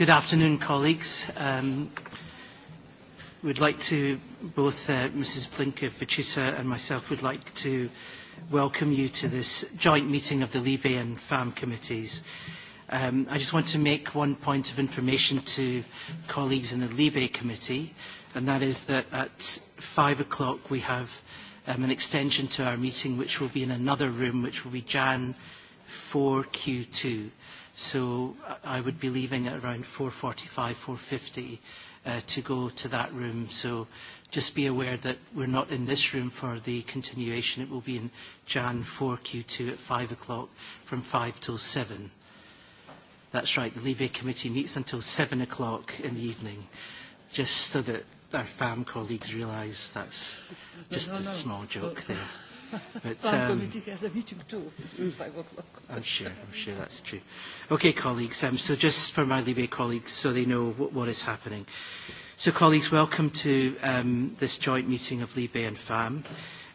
Good afternoon, colleagues. Um, we'd like to, both uh, Mrs. blinker Vichisa and myself would like to welcome you to this joint meeting of the Libe and FAM committees. Um, I just want to make one point of information to colleagues in the Libe committee, and that is that at five o'clock we have um, an extension to our meeting, which will be in another room, which will be Jan for Q2. So I would be leaving at around 4.45, 4.50 to go to that room. So just be aware that we're not in this room for the continuation. It will be in Jan 4Q2 at 5 o'clock from 5 till 7. That's right, the Libe Committee meets until 7 o'clock in the evening, just so that our FAM colleagues realize that's just a small joke there. But, um, I'm sure, I'm sure that's true. Okay, colleagues, um, so just for my Libya colleagues, so they know what, what is happening. So, colleagues, welcome to um, this joint meeting of Libya and FAM.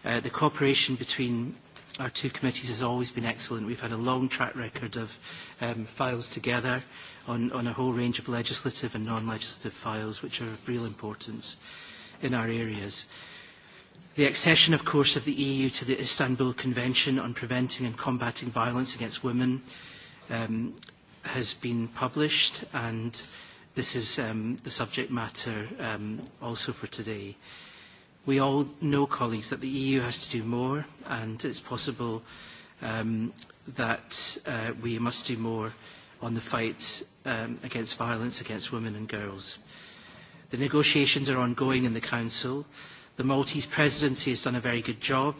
Uh, the cooperation between our two committees has always been excellent. We've had a long track record of um, files together on, on a whole range of legislative and non-legislative files, which are of real importance in our areas. The accession, of course, of the EU to the Istanbul Convention on Preventing and Combating Violence Against Women um, has been published, and this is um, the subject matter um, also for today. We all know, colleagues, that the EU has to do more, and it's possible um, that uh, we must do more on the fight um, against violence against women and girls. The negotiations are ongoing in the Council, The Maltese presidency has done a very good job,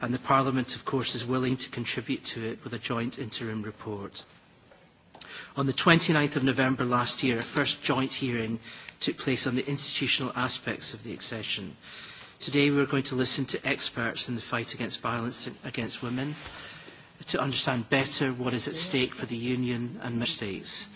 and the Parliament, of course, is willing to contribute to it with a joint interim report. On the 29th of November last year, a first joint hearing took place on the institutional aspects of the accession. Today we are going to listen to experts in the fight against violence against women to understand better what is at stake for the Union and member states.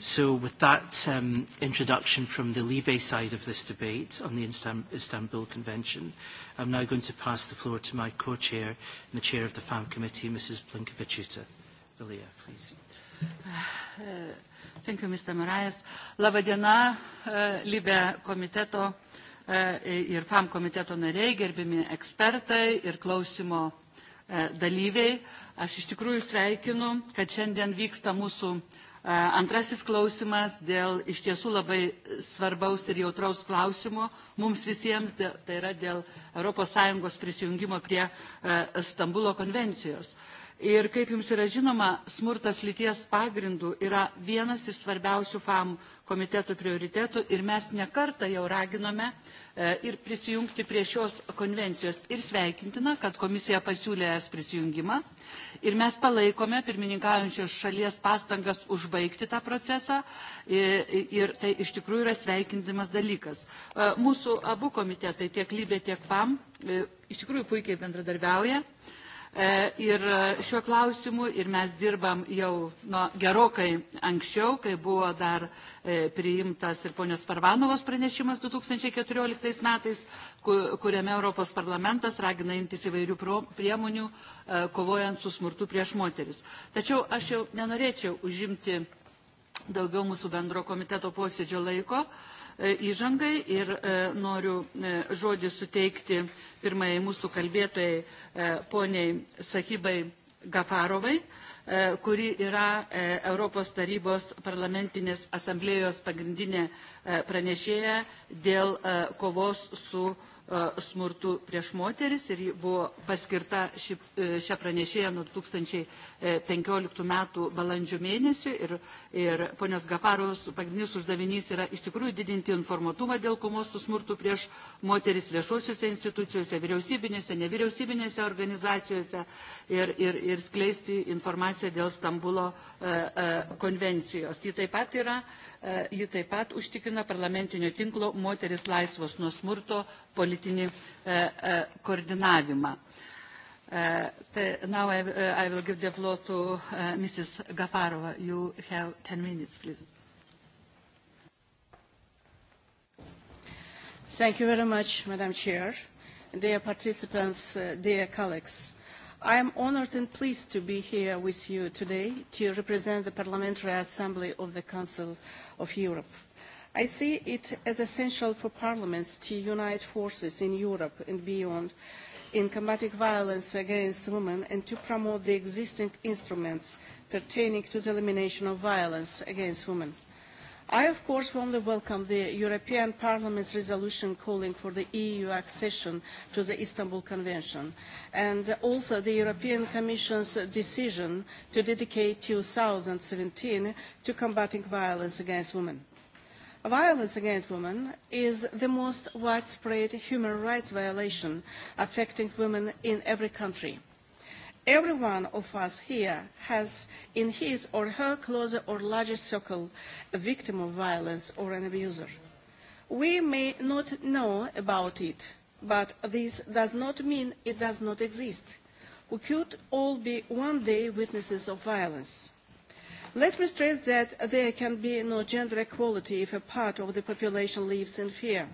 So with that um, introduction from the Libe side of this debate on the Istanbul Convention, I'm now going to pass the floor to my co-chair and the chair of the FAM committee, Mrs. Blinkevichuta. Vilia, please. Thank you, Mr. Labą dieną, Libe komiteto ir FAM komiteto nariai, gerbimi ekspertai ir klausimo dalyviai. Aš iš tikrųjų sveikinu, kad šiandien vyksta mūsų Antrasis klausimas dėl iš tiesų labai svarbaus ir jautraus klausimo mums visiems, tai yra dėl ES prisijungimo prie Stambulo konvencijos. Ir kaip jums yra žinoma, smurtas lyties pagrindų yra vienas iš svarbiausių FAM komitetų prioritetų ir mes nekartą jau raginome ir prisijungti prie šios konvencijos ir sveikintina, kad komisija pasiūlė es prisijungimą ir mes palaikome pirmininkaujančios šalies pastangas užbaigti tą procesą ir tai iš tikrųjų yra sveikintimas dalykas. Mūsų abu komitetai, tiek Lybė, tiek FAM, iš tikrųjų puikiai bendradarbiauja. Ir šiuo klausimu ir mes dirbam jau nuo gerokai anksčiau, kai buvo dar priimtas ir ponios Parvanovos pranešimas 2014 metais, kuriame Europos parlamentas ragina imtis įvairių priemonių kovojant su smurtu prieš moteris. Tačiau aš jau nenorėčiau užimti daugiau mūsų bendro komiteto posėdžio laiko įžangai ir noriu žodį suteikti pirmai mūsų kalbėtojai poniai Sakybai Gafarovai, kuri yra Europos tarybos parlamentinės asamblėjos pagrindinė pranešėja dėl kovos su smurtu prieš moteris ir ji buvo paskirta šią pranešėją nuo 2015 metų balandžio mėnesio ir, ir ponios Gaparos pagrindinis uždavinys yra iš tikrųjų didinti informatumą dėl komos su smurtu prieš moteris viešosiuose institucijose, vyriausybinėse, nevyriausybinėse organizacijose ir, ir, ir skleisti informaciją dėl Stambulo konvencijos. Ji taip pat yra ji taip pat užtikrina parlamentinio tinklo moteris laisvos nuo smurto politinį koordinavimą. Now I will give the floor to Mrs. Gafarova. You have 10 minutes, please. Thank you very much, Madam Chair, dear participants, dear colleagues. I am honored and pleased to be here with you today to represent the Parliamentary Assembly of the Council of Europe. I see it as essential for parliaments to unite forces in Europe and beyond in combating violence against women and to promote the existing instruments pertaining to the elimination of violence against women I, of course, warmly welcome the European Parliament's resolution calling for the EU accession to the Istanbul Convention, and also the European Commission's decision to dedicate 2017 to combating violence against women. Violence against women is the most widespread human rights violation affecting women in every country Every one of us here has in his or her closer or larger circle a victim of violence or an abuser. We may not know about it, but this does not mean it does not exist. We could all be one day witnesses of violence. Let me stress that there can be no gender equality if a part of the population lives in fear.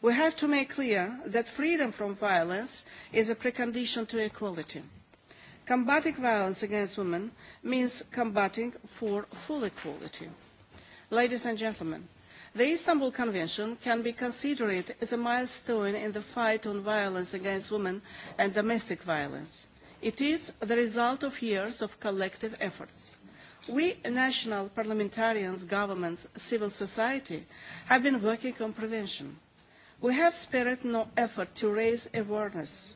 We have to make clear that freedom from violence is a precondition to equality. Combating violence against women means combating for full equality. Ladies and gentlemen, the Istanbul Convention can be considered as a milestone in the fight on violence against women and domestic violence. It is the result of years of collective efforts. We, national parliamentarians, governments, civil society, have been working on prevention. We have spared no effort to raise awareness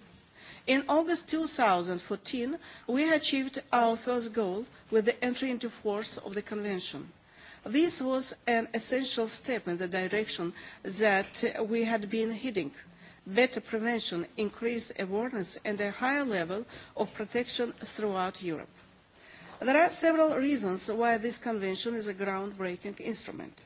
In August 2014, we achieved our first goal with the entry into force of the Convention. This was an essential step in the direction that we had been heading. Better prevention, increased awareness, and a higher level of protection throughout Europe. There are several reasons why this convention is a groundbreaking instrument.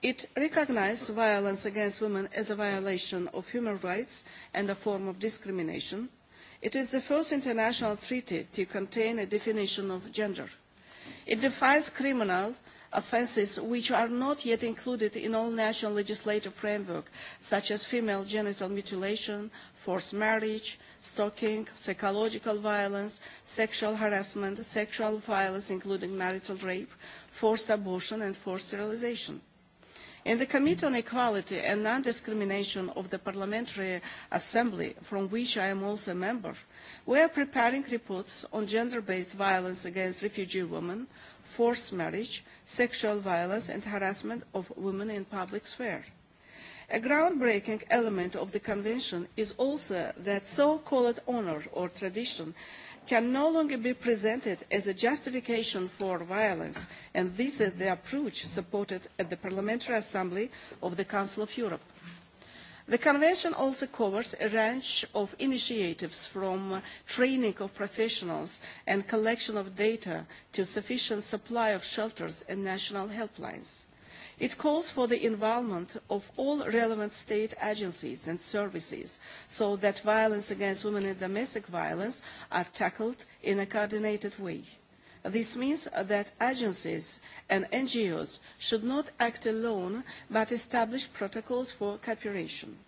It recognises violence against women as a violation of human rights and a form of discrimination – It is the first international treaty to contain a definition of gender. It defines criminal offences which are not yet included in all national legislative framework, such as female genital mutilation, forced marriage, stalking, psychological violence, sexual harassment, sexual violence including marital rape, forced abortion and forced sterilisation. In the Committee on Equality and Non-Discrimination of the Parliamentary Assembly, from which I am also a member, we are preparing reports on gender-based violence against refugee women, forced marriage, sexual violence and harassment of women in public sphere. A groundbreaking element of the convention is also that so-called honour or tradition can no longer be presented as a justification for violence, and this is the approach supported at the Parliamentary Assembly of the Council of Europe. The Convention also covers a range of initiatives from training of professionals and collection of data to sufficient supply of shelters and national helplines. It calls for the involvement of all relevant state agencies and services so that violence against women and domestic violence are tackled in a coordinated way. This means that agencies and NGOs should not act alone but establish protocols for cooperation.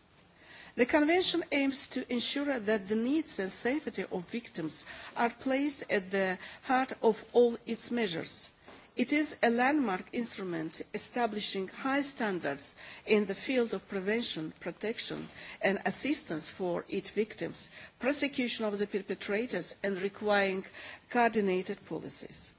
The Convention aims to ensure that the needs and safety of victims are placed at the heart of all its measures It is a landmark instrument establishing high standards in the field of prevention, protection and assistance for its victims, prosecution of the perpetrators and requiring coordinated policies.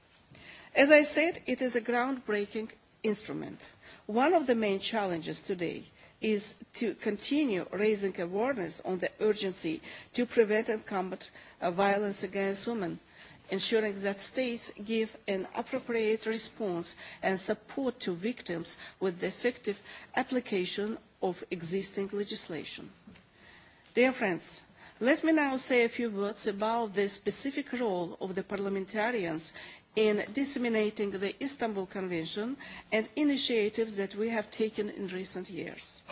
As I said, it is a groundbreaking instrument. One of the main challenges today is to continue raising awareness on the urgency to prevent and combat violence against women ensuring that states give an appropriate response and support to victims with the effective application of existing legislation. Dear friends, let me now say a few words about the specific role of the parliamentarians in disseminating the Istanbul Convention and initiatives that we have taken in recent years.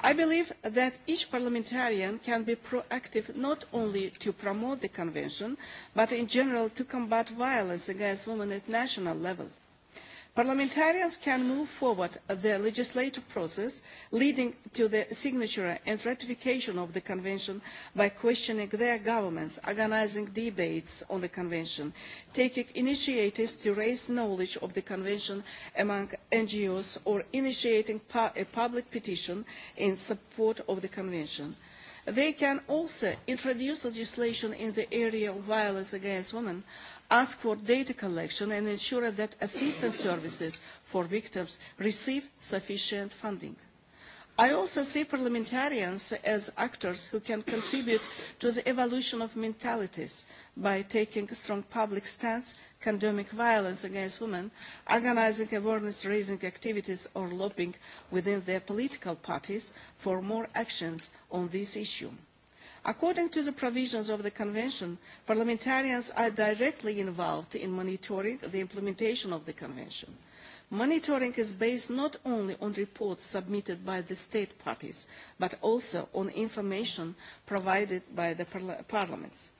I believe that each parliamentarian can be proactive not only to promote the Convention, but in general to combat violence against women at national level Parliamentarians can move forward the legislative process leading to the signature and ratification of the Convention by questioning their governments, organising debates on the Convention, taking initiatives to raise knowledge of the Convention among NGOs or initiating a public petition in support of the Convention. They can also introduce legislation in the area of violence against women ask for data collection and ensure that assistance services for victims receive sufficient funding. I also see parliamentarians as actors who can contribute to the evolution of mentalities by taking a strong public stance, condemning violence against women, organising awareness-raising activities or lobbying within their political parties for more actions on this issue. According to the provisions of the Convention, parliamentarians are directly involved in monitoring the implementation of the Convention. Monitoring is based not only on reports submitted by the state parties, but also on information provided by the parliaments.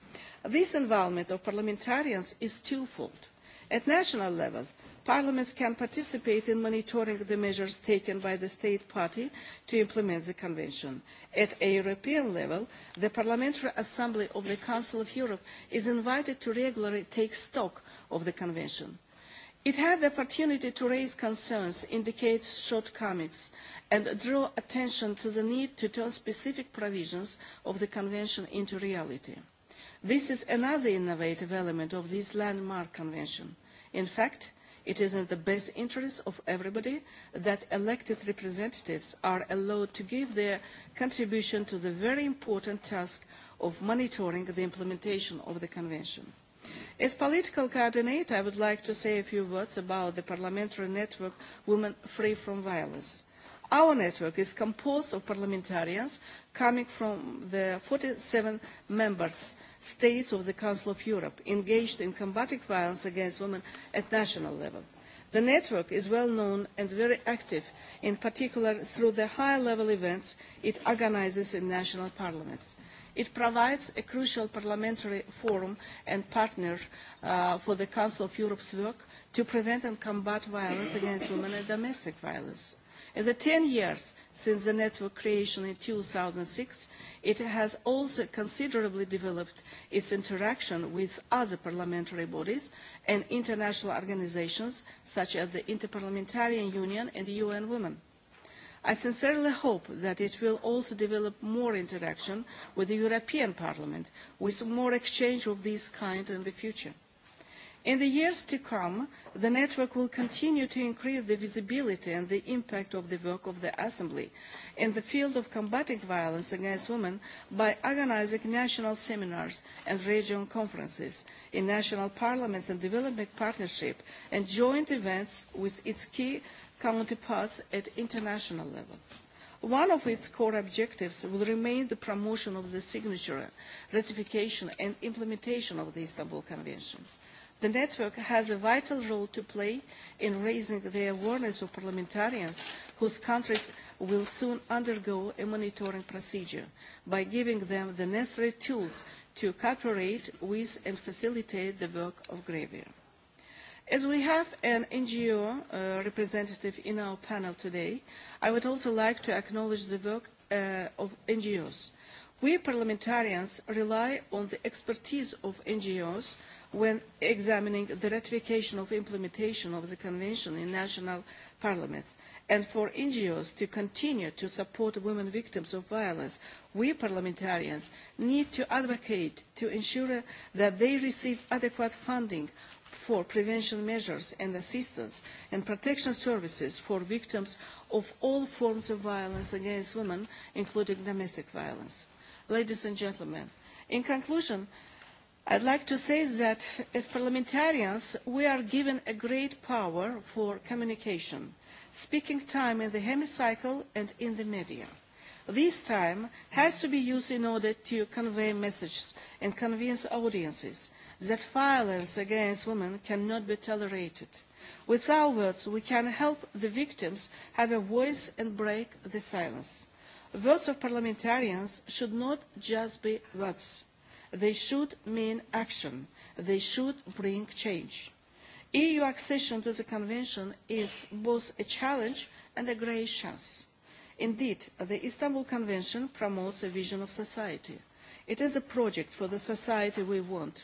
This involvement of parliamentarians is twofold. At national level, Parliaments can participate in monitoring the measures taken by the state party to implement the Convention. At a European level, the Parliamentary Assembly of the Council of Europe is invited to regularly take stock of the Convention. It had the opportunity to raise concerns, indicate shortcomings, and draw attention to the need to turn specific provisions of the Convention into reality. This is another innovative element of this landmark Convention. In fact, It is in the best interest of everybody that elected representatives are allowed to give their contribution to the very important task of monitoring the implementation of the Convention. As political coordinator, I would like to say a few words about the parliamentary network Women Free from Violence Our network is composed of parliamentarians coming from the 47 member states of the Council of Europe engaged in combating violence against women at national level. The network is well known and very active, in particular through the high-level events it organises in national parliaments. It provides a crucial parliamentary forum and partner uh, for the Council of Europe's work to prevent and combat violence against women and domestic violence In the 10 years since the network creation in 2006, it has also considerably developed its interaction with other parliamentary bodies and international organizations such as the Interparliamentarian Union and the UN Women. I sincerely hope that it will also develop more interaction with the European Parliament, with more exchange of this kind in the future. In the years to come, the network will continue to increase the visibility and the impact of the work of the Assembly in the field of combating violence against women by organizing national seminars and regional conferences in national parliaments and development partnership and joint events with its key counterparts at international level. One of its core objectives will remain the promotion of the signature, ratification and implementation of the Istanbul Convention. The network has a vital role to play in raising the awareness of parliamentarians whose countries will soon undergo a monitoring procedure by giving them the necessary tools to cooperate with and facilitate the work of Gravia. As we have an NGO uh, representative in our panel today, I would also like to acknowledge the work uh, of NGOs. We parliamentarians rely on the expertise of NGOs when examining the ratification of implementation of the convention in national parliaments and for ngos to continue to support women victims of violence we parliamentarians need to advocate to ensure that they receive adequate funding for prevention measures and assistance and protection services for victims of all forms of violence against women including domestic violence. ladies and gentlemen in conclusion I'd like to say that as parliamentarians, we are given a great power for communication, speaking time in the hemicycle and in the media. This time has to be used in order to convey messages and convince audiences that violence against women cannot be tolerated. With our words, we can help the victims have a voice and break the silence. Words of parliamentarians should not just be words They should mean action. They should bring change. EU accession to the Convention is both a challenge and a great chance. Indeed, the Istanbul Convention promotes a vision of society. It is a project for the society we want,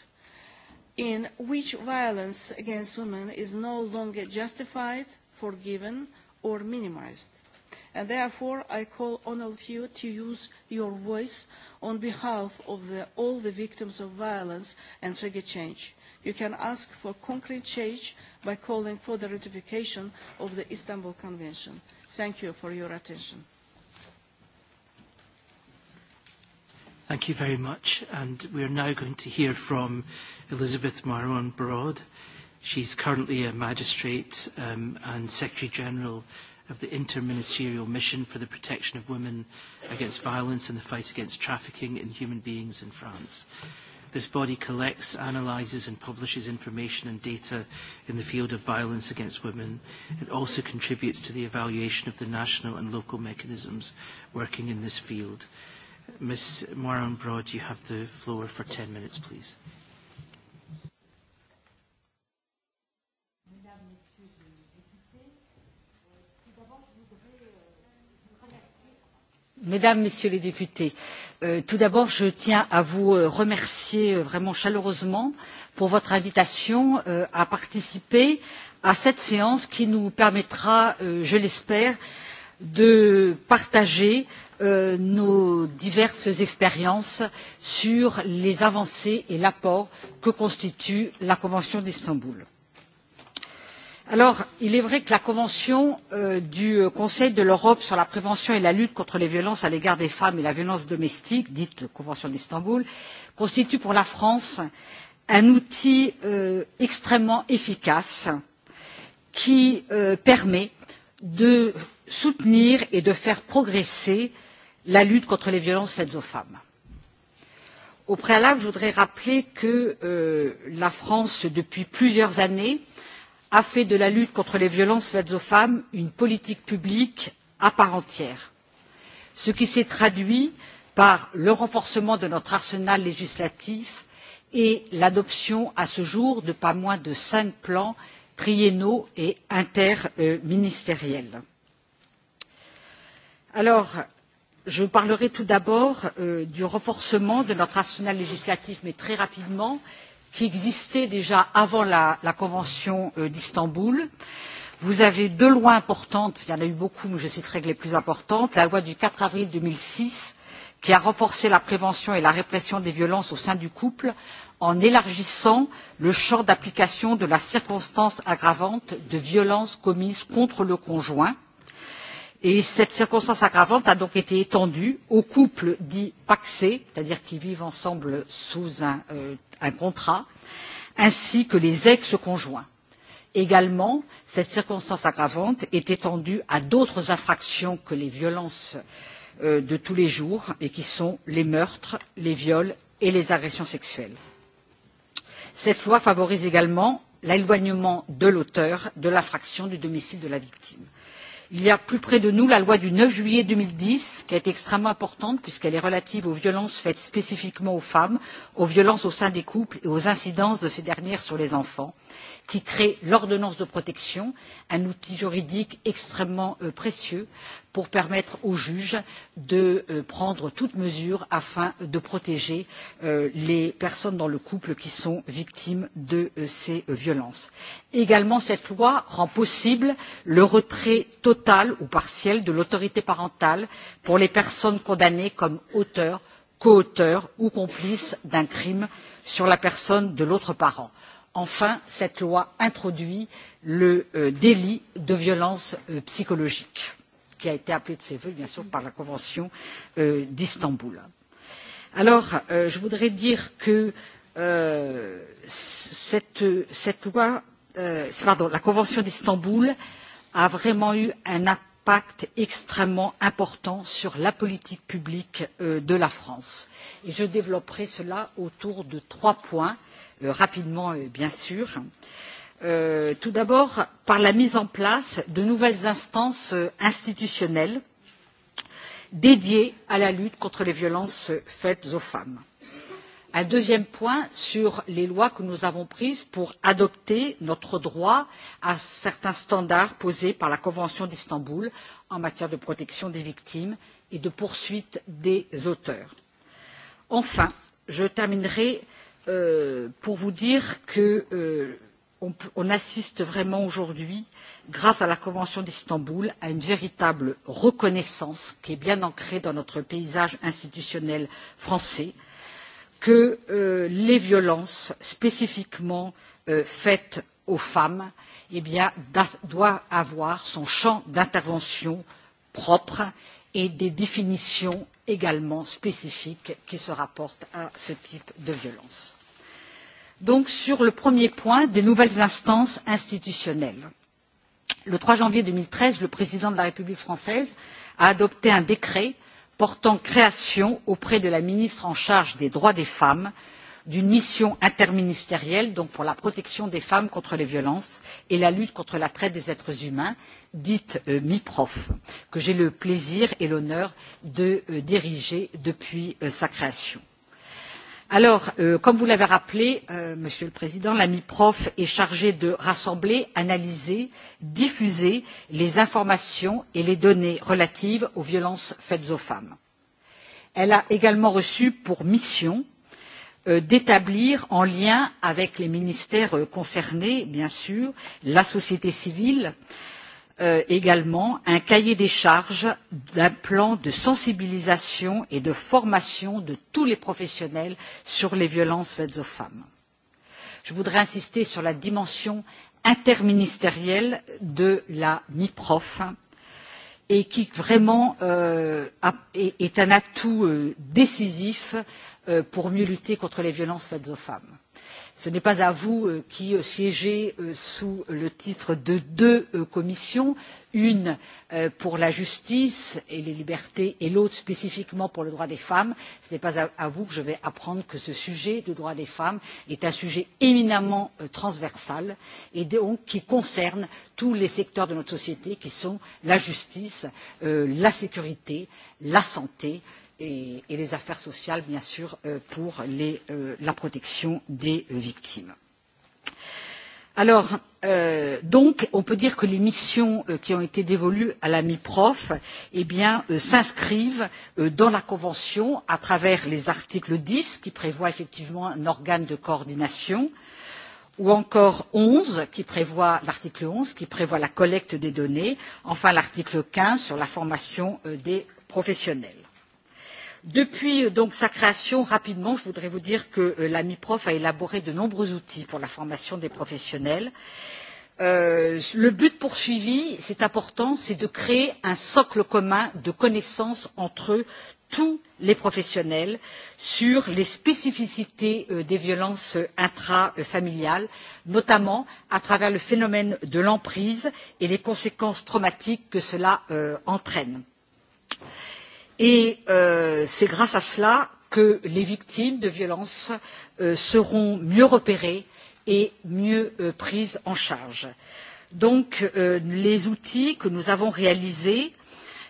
in which violence against women is no longer justified, forgiven, or minimized And therefore, I call on all of you to use your voice on behalf of the, all the victims of violence and trigger change. You can ask for concrete change by calling for the ratification of the Istanbul Convention. Thank you for your attention. Thank you very much. And we are now going to hear from Elizabeth Maron Broad. She's currently a magistrate um, and Secretary General of the Interministerial Mission for the Protection of Women Against Violence and the Fight Against Trafficking in Human Beings in France. This body collects, analyses and publishes information and data in the field of violence against women. It also contributes to the evaluation of the national and local mechanisms working in this field. Ms Moran Broad, you have the floor for 10 minutes, please mesdames messieurs les députés tout d'abord je tiens à vous remercier vraiment chaleureusement pour votre invitation à participer à cette séance qui nous permettra je l'espère de partager nos diverses expériences sur les avancées et l'apport que constitue la convention d'istanbul. Alors, il est vrai que la Convention du Conseil de l'Europe sur la prévention et la lutte contre les violences à l'égard des femmes et la violence domestique, dite Convention d'Istanbul, constitue pour la France un outil extrêmement efficace qui permet de soutenir et de faire progresser la lutte contre les violences faites aux femmes. Au préalable, je voudrais rappeler que la France, depuis plusieurs années, a fait de la lutte contre les violences faites aux femmes une politique publique à part entière ce qui s'est traduit par le renforcement de notre arsenal législatif et l'adoption à ce jour de pas moins de cinq plans triennaux et interministériels. je parlerai tout d'abord du renforcement de notre arsenal législatif mais très rapidement car qui existait déjà avant la, la Convention euh, d'Istanbul. Vous avez deux lois importantes, il y en a eu beaucoup, mais je citerai que les plus importantes. La loi du 4 avril 2006, qui a renforcé la prévention et la répression des violences au sein du couple en élargissant le champ d'application de la circonstance aggravante de violences commises contre le conjoint. Et cette circonstance aggravante a donc été étendue aux couples dits paxés, c'est-à-dire qui vivent ensemble sous un un contrat, ainsi que les ex-conjoints. Également, cette circonstance aggravante est étendue à d'autres infractions que les violences de tous les jours et qui sont les meurtres, les viols et les agressions sexuelles. Cette loi favorise également l'éloignement de l'auteur de l'infraction du domicile de la victime. Il y a plus près de nous la loi du neuf juillet deux mille dix, qui est extrêmement importante puisqu'elle est relative aux violences faites spécifiquement aux femmes, aux violences au sein des couples et aux incidences de ces dernières sur les enfants qui crée l'ordonnance de protection, un outil juridique extrêmement précieux pour permettre aux juge de prendre toute mesure afin de protéger les personnes dans le couple qui sont victimes de ces violences. Également, cette loi rend possible le retrait total ou partiel de l'autorité parentale pour les personnes condamnées comme auteurs, coauteurs ou complices d'un crime sur la personne de l'autre parent enfin cette loi introduit le délit de violence psychologique qui a été appelé de ses vœux bien sûr par la convention d'istanbul. je voudrais dire que la convention d'istanbul a vraiment eu un impact extrêmement important sur la politique publique de la France. Et je développerai cela autour de trois points, rapidement bien sûr. tout d'abord, par la mise en place de nouvelles instances institutionnelles dédiées à la lutte contre les violences faites aux femmes un deuxième point sur les lois que nous avons prises pour adapter notre droit à certains standards posés par la convention d'istanbul en matière de protection des victimes et de poursuite des auteurs. enfin je terminerai pour vous dire qu'on assiste vraiment aujourd'hui grâce à la convention d'istanbul à une véritable reconnaissance qui est bien ancrée dans notre paysage institutionnel français que les violences spécifiquement faites aux femmes doivent avoir son champ d'intervention propre et des définitions également spécifiques qui se rapportent à ce type de violence. Donc sur le premier point des nouvelles instances institutionnelles. Le trois janvier deux mille treize, le président de la République française a adopté un décret portant création auprès de la ministre en charge des droits des femmes d'une mission interministérielle pour la protection des femmes contre les violences et la lutte contre la traite des êtres humains dite miprof que j'ai le plaisir et l'honneur de diriger depuis sa création. Alors, comme vous l'avez rappelé, Monsieur le Président, la prof est chargée de rassembler, analyser, diffuser les informations et les données relatives aux violences faites aux femmes. Elle a également reçu pour mission d'établir, en lien avec les ministères concernés, bien sûr, la société civile, également un cahier des charges d'un plan de sensibilisation et de formation de tous les professionnels sur les violences faites aux femmes. Je voudrais insister sur la dimension interministérielle de la MIPROF et qui vraiment est un atout décisif pour mieux lutter contre les violences faites aux femmes ce n'est pas à vous qui siégez sous le titre de deux commissions une pour la justice et les libertés et l'autre spécifiquement pour le droit des femmes ce n'est pas à vous que je vais apprendre que ce sujet des droits des femmes est un sujet éminemment transversal et donc qui concerne tous les secteurs de notre société qui sont la justice la sécurité la santé et et, les affaires sociales, bien sûr, pour la protection des victimes. Alors, donc, on peut dire que les missions qui ont été dévolues à la MIPROF s'inscrivent dans la Convention à travers les articles dix, qui prévoient effectivement un organe de coordination, ou encore onze qui prévoit l'article onze qui prévoit la collecte des données, enfin l'article quinze sur la formation des professionnels depuis sa création rapidement je voudrais vous dire que la miprof a élaboré de nombreux outils pour la formation des professionnels. le but poursuivi c'est important c'est de créer un socle commun de connaissances entre tous les professionnels sur les spécificités des violences intrafamiliales notamment à travers le phénomène de l'emprise et les conséquences traumatiques que cela entraîne et c'est grâce à cela que les victimes de violences seront mieux repérées et mieux prises en charge. donc les outils que nous avons réalisés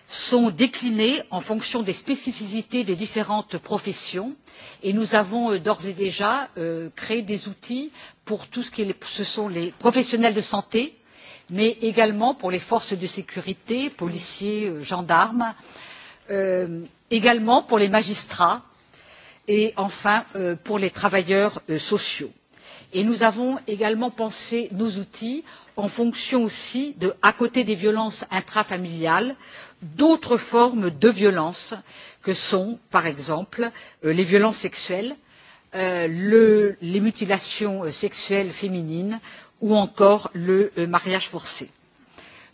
sont déclinés en fonction des spécificités des différentes professions et nous avons d'ores et déjà créé des outils pour tout ce qui sont les professionnels de santé mais également pour les forces de sécurité policiers gendarmes également pour les magistrats et enfin pour les travailleurs sociaux. nous avons également pensé nos outils en fonction aussi de à côté des violences intrafamiliales d'autres formes de violences que sont par exemple les violences sexuelles les mutilations sexuelles féminines ou encore le mariage forcé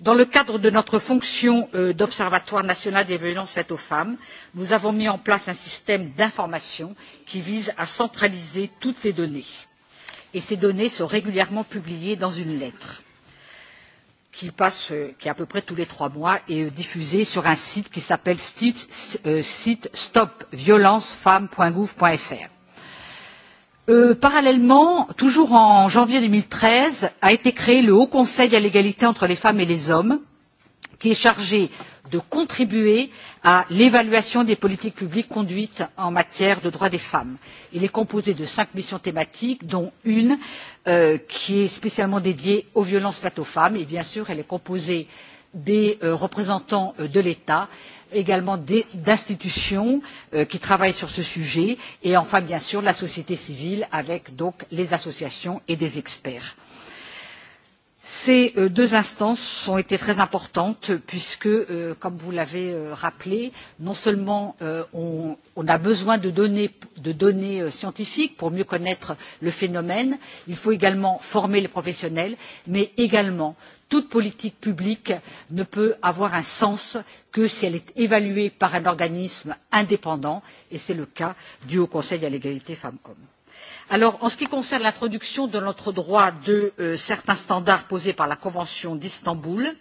dans le cadre de notre fonction d'observatoire national des violences faites aux femmes nous avons mis en place un système d'information qui vise à centraliser toutes les données et ces données sont régulièrement publiées dans une lettre qui passe qui est à peu près tous les trois mois et diffusée sur un site qui s'appelle site Stopviolencefemmes.gouv.fr gouv parallèlement, toujours en janvier deux mille treize, a été créé le Haut Conseil à l'égalité entre les femmes et les hommes, qui est chargé de contribuer à l'évaluation des politiques publiques conduites en matière de droits des femmes. Il est composé de cinq missions thématiques, dont une qui est spécialement dédiée aux violences faites aux femmes, et bien sûr, elle est composée des représentants de l'État, également d'institutions qui travaillent sur ce sujet et enfin bien sûr la société civile avec donc les associations et des experts. Ces deux instances ont été très importantes puisque, comme vous l'avez rappelé, non seulement on, a besoin de données, scientifiques pour mieux connaître le phénomène, il faut également former les professionnels, mais également toute politique publique ne peut avoir un sens que si elle est évaluée par un organisme indépendant et c'est le cas du haut conseil à l'égalité femmes hommes. Alors, en ce qui concerne l'introduction dans notre droit de certains standards posés par la Convention d'Istanbul,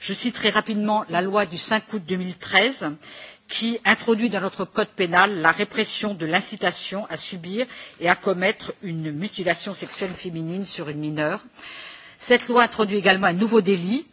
je citerai rapidement la loi du cinq août deux mille treize qui introduit dans notre code pénal la répression de l'incitation à subir et à commettre une mutilation sexuelle féminine sur une mineure. Cette loi introduit également un nouveau délit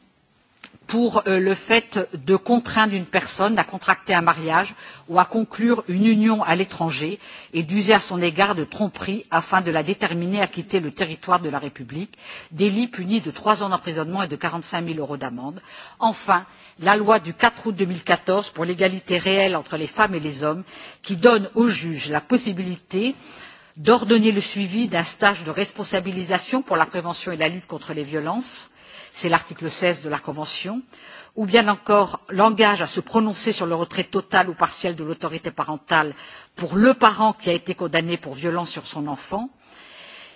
pour le fait de contraindre une personne à contracter un mariage ou à conclure une union à l'étranger et d'user à son égard de tromperie afin de la déterminer à quitter le territoire de la République, délit puni de trois ans d'emprisonnement et de quarante cinq 000 euros d'amende. Enfin, la loi du quatre août deux mille quatorze pour l'égalité réelle entre les femmes et les hommes qui donne aux juges la possibilité d'ordonner le suivi d'un stage de responsabilisation pour la prévention et la lutte contre les violences c'est l'article seize de la Convention, ou bien encore l'engage à se prononcer sur le retrait total ou partiel de l'autorité parentale pour le parent qui a été condamné pour violence sur son enfant,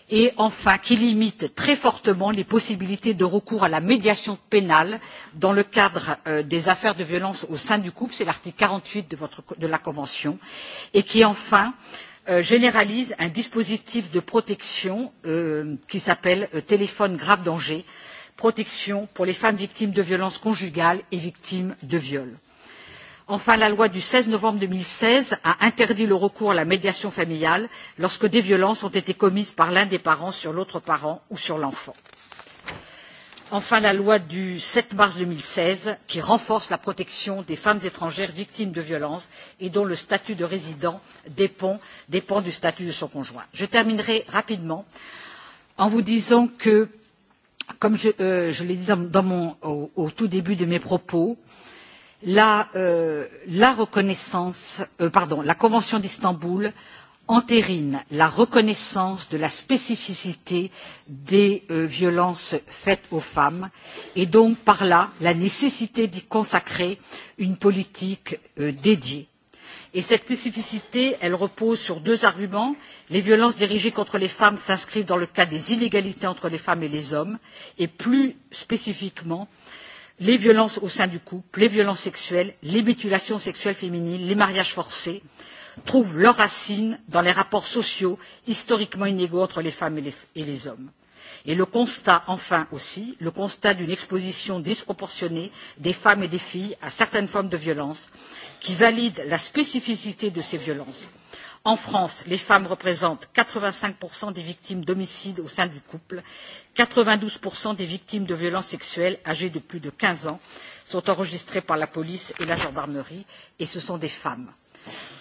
et enfin qui limite très fortement les possibilités de recours à la médiation pénale dans le cadre des affaires de violence au sein du couple, c'est l'article quarante huit de la Convention, et qui enfin généralise un dispositif de protection qui s'appelle téléphone grave danger protection pour les femmes victimes de violences conjugales et victimes de viols. Enfin, la loi du seize novembre deux mille seize a interdit le recours à la médiation familiale lorsque des violences ont été commises par l'un des parents sur l'autre parent ou sur l'enfant. Enfin, la loi du sept mars deux mille seize qui renforce la protection des femmes étrangères victimes de violences et dont le statut de résident dépend, du statut de son conjoint. Je terminerai rapidement en vous disant que comme je, l'ai dit au, tout début de mes propos, la, Convention d'Istanbul entérine la reconnaissance de la spécificité des violences faites aux femmes et donc par là la nécessité d'y consacrer une politique dédiée et cette spécificité repose sur deux arguments les violences dirigées contre les femmes s'inscrivent dans le cadre des inégalités entre les femmes et les hommes et plus spécifiquement les violences au sein du couple les violences sexuelles les mutilations sexuelles féminines les mariages forcés trouvent leurs racines dans les rapports sociaux historiquement inégaux entre les femmes et les hommes. Et le constat, enfin aussi, le constat d'une exposition disproportionnée des femmes et des filles à certaines formes de violence qui valide la spécificité de ces violences. En France, les femmes représentent quatre vingt cinq des victimes d'homicides au sein du couple, quatre vingt douze des victimes de violences sexuelles âgées de plus de quinze ans sont enregistrées par la police et la gendarmerie, et ce sont des femmes.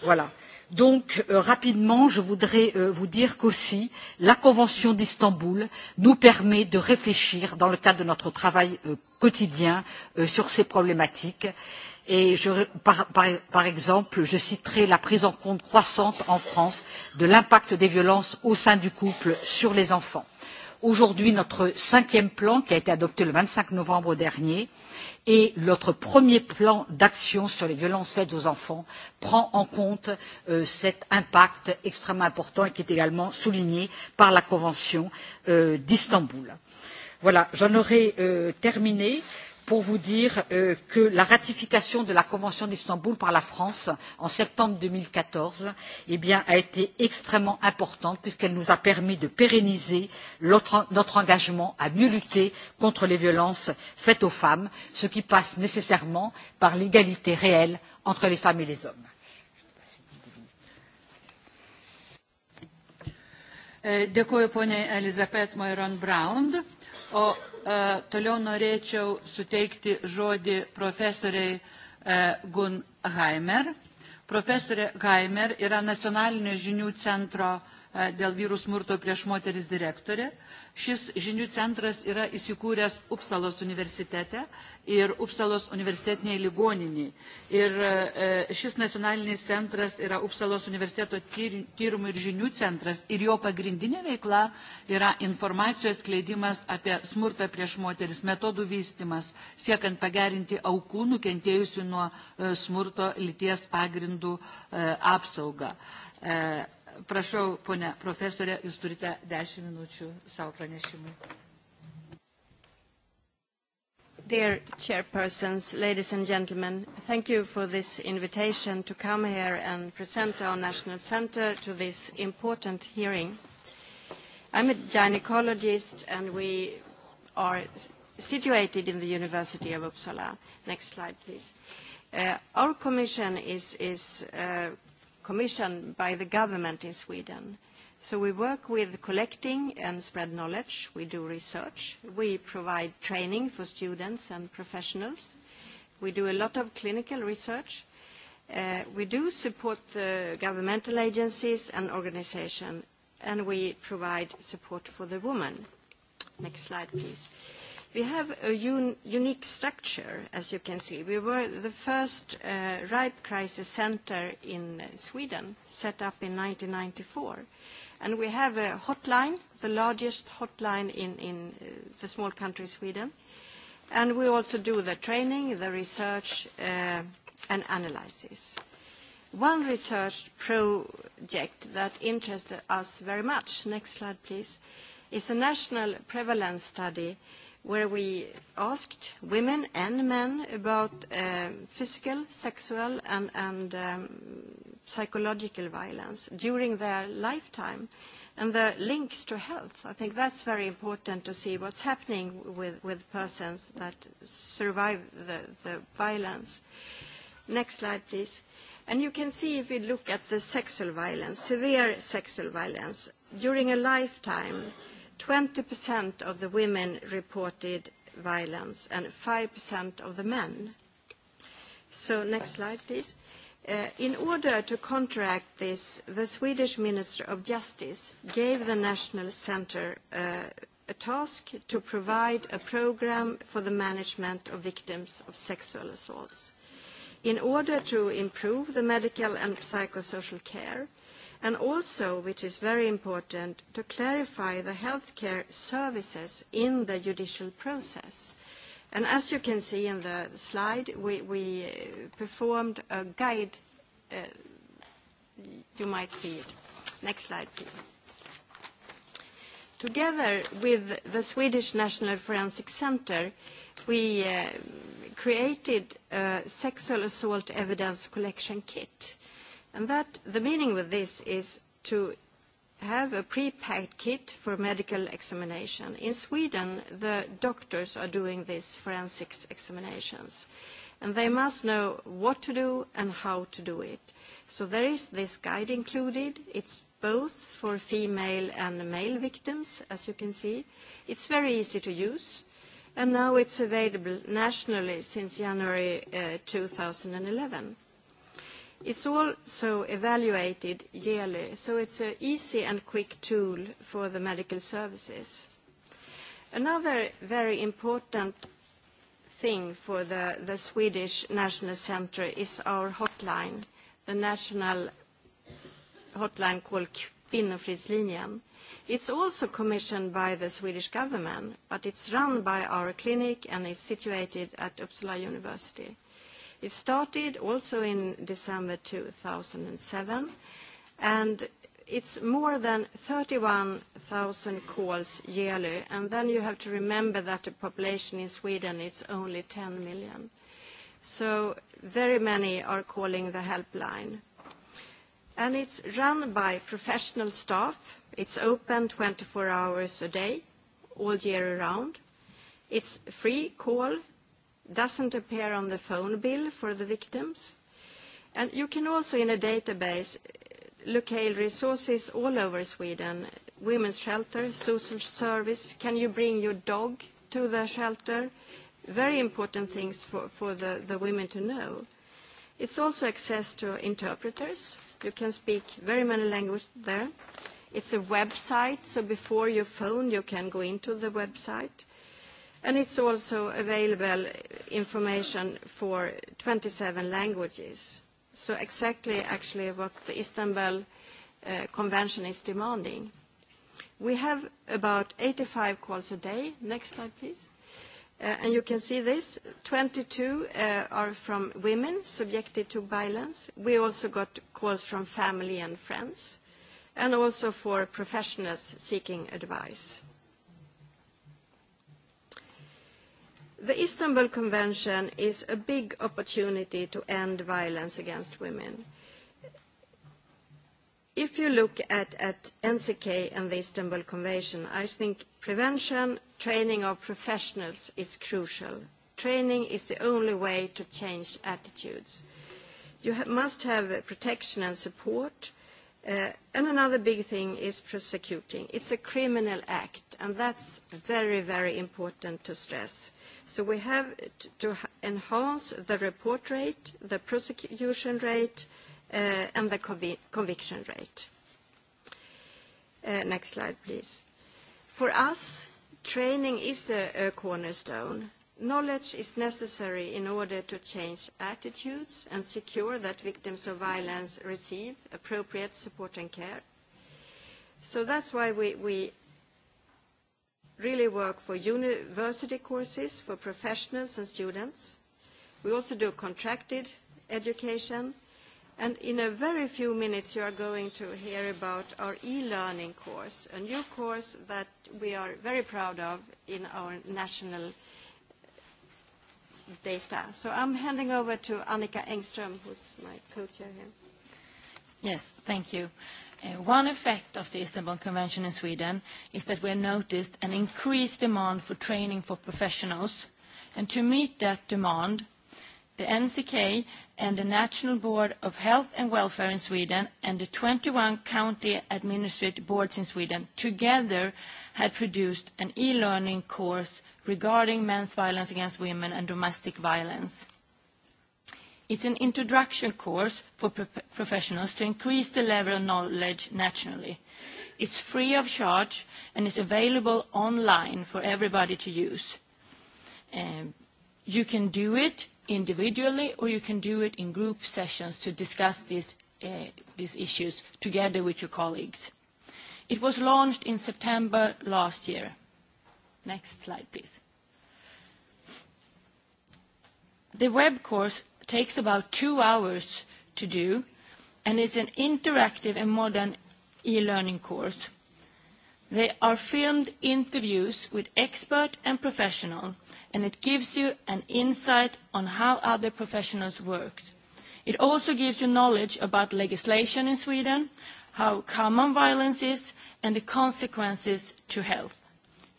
Voilà. Donc, rapidement, je voudrais vous dire qu'aussi, la Convention d'Istanbul nous permet de réfléchir, dans le cadre de notre travail quotidien, sur ces problématiques. Et je, par, par, par exemple, je citerai la prise en compte croissante en France de l'impact des violences au sein du couple sur les enfants. Aujourd'hui, notre cinquième plan, qui a été adopté le 25 novembre dernier, et notre premier plan d'action sur les violences faites aux enfants prend en compte cet impact extrêmement important et qui est également souligné par la Convention d'Istanbul. Voilà, j'en aurai terminé pour vous dire que la ratification de la Convention d'Istanbul par la France en septembre deux mille quatorze a été extrêmement importante puisqu'elle nous a permis de pérenniser notre engagement à mieux lutter contre les violences faites aux femmes, ce qui passe nécessairement par l'égalité réelle entre les femmes et les hommes. Brown. O Toliau norėčiau suteikti žodį profesoriai Gun Haimer. Profesorė Haimer yra Nacionalinio žinių centro dėl vyrų smurto prieš moteris direktorė. Šis žinių centras yra įsikūręs Upsalos universitete ir Upsalos universitetiniai ligoniniai. Ir šis nacionalinis centras yra Upsalos universiteto tyrimų ir žinių centras ir jo pagrindinė veikla yra informacijos kleidimas apie smurtą prieš moteris, metodų vystimas, siekiant pagerinti aukų nukentėjusių nuo smurto lyties pagrindų apsaugą. Prašau, ponia profesorė, jūs turite 10 minučių savo pranešimui. Dear chairpersons, ladies and gentlemen, thank you for this invitation to come here and present our National Center to this important hearing. I'm a gynecologist and we are situated in the University of Uppsala. Next slide, please. our commission is, is uh, Commissioned by the government in Sweden. So we work with collecting and spread knowledge. We do research. We provide training for students and professionals. We do a lot of clinical research. Uh, we do support the governmental agencies and organizations, and we provide support for the woman. Next slide, please. Uh, We have a un unique structure, as you can see. We were the first uh, ripe crisis center in Sweden, set up in 1994. And we have a hotline, the largest hotline in, in uh, the small country Sweden. And we also do the training, the research, uh, and analysis. One research project that interested us very much, next slide please, is a national prevalence study where we asked women and men about uh, physical, sexual, and, and um, psychological violence during their lifetime and the links to health. I think that's very important to see what's happening with, with persons that survive the, the violence. Next slide, please. And you can see if we look at the sexual violence, severe sexual violence, during a lifetime, 20% of the women reported violence and 5% of the men. So next slide, please. In order to counteract this, the Swedish Minister of Justice gave the National Centre a task to provide a programme for the management of victims of sexual assaults. In order to improve the medical and psychosocial care, and also, which is very important, to clarify the healthcare services in the judicial process. And as you can see in the slide, we, we performed a guide. Uh, you might see it. Next slide, please. Together with the Swedish National Forensic Center, we uh, created a sexual assault evidence collection kit And that, the meaning with this is to have a pre packed kit for medical examination. In Sweden, the doctors are doing these forensics examinations, and they must know what to do and how to do it. So there is this guide included. It's both for female and male victims, as you can see. It's very easy to use, and now it's available nationally since January uh, 2011 It's also evaluated yearly, so it's an easy and quick tool for the medical services. Another very important thing for the, the Swedish National Centre is our hotline, the national hotline called Kvinnofridslinjen. It's also commissioned by the Swedish government, but it's run by our clinic and is situated at Uppsala University. It started also in December 2007, and it's more than 31,000 calls yearly. And then you have to remember that the population in Sweden is only 10 million. So very many are calling the helpline. And it's run by professional staff. It's open 24 hours a day, all year round. It's free call doesn't appear on the phone bill for the victims. And you can also, in a database, locate resources all over Sweden, women's shelter, social service, can you bring your dog to the shelter? Very important things for, for the, the women to know. It's also access to interpreters. You can speak very many languages there. It's a website, so before your phone you can go into the website and it's also available information for 27 languages. So exactly actually what the Istanbul uh, Convention is demanding. We have about 85 calls a day. Next slide, please. Uh, and you can see this. 22 uh, are from women subjected to violence. We also got calls from family and friends, and also for professionals seeking advice. Uh, The Istanbul Convention is a big opportunity to end violence against women. If you look at, at NCK and the Istanbul Convention, I think prevention, training of professionals is crucial. Training is the only way to change attitudes. You ha must have protection and support. Uh, and another big thing is prosecuting. It's a criminal act, and that's very, very important to stress So we have to enhance the report rate, the prosecution rate, and the conviction rate. Next slide, please. For us, training is a cornerstone. Knowledge is necessary in order to change attitudes and secure that victims of violence receive appropriate support and care. So that's why we really work for university courses for professionals and students. We also do contracted education. And in a very few minutes, you are going to hear about our e-learning course, a new course that we are very proud of in our national data. So I'm handing over to Annika Engström, who's my co-chair here. Yes, thank you. One effect of the Istanbul Convention in Sweden is that we have noticed an increased demand for training for professionals. and To meet that demand, the NCK and the National Board of Health and Welfare in Sweden and the 21 county administrative boards in Sweden together had produced an e-learning course regarding men's violence against women and domestic violence It's an introduction course for professionals to increase the level of knowledge nationally. It's free of charge and is available online for everybody to use. Um, you can do it individually or you can do it in group sessions to discuss these, uh, these issues together with your colleagues. It was launched in September last year. Next slide, please. The web course takes about two hours to do, and it's an interactive and modern e-learning course. They are filmed interviews with expert and professional, and it gives you an insight on how other professionals work. It also gives you knowledge about legislation in Sweden, how common violence is, and the consequences to health.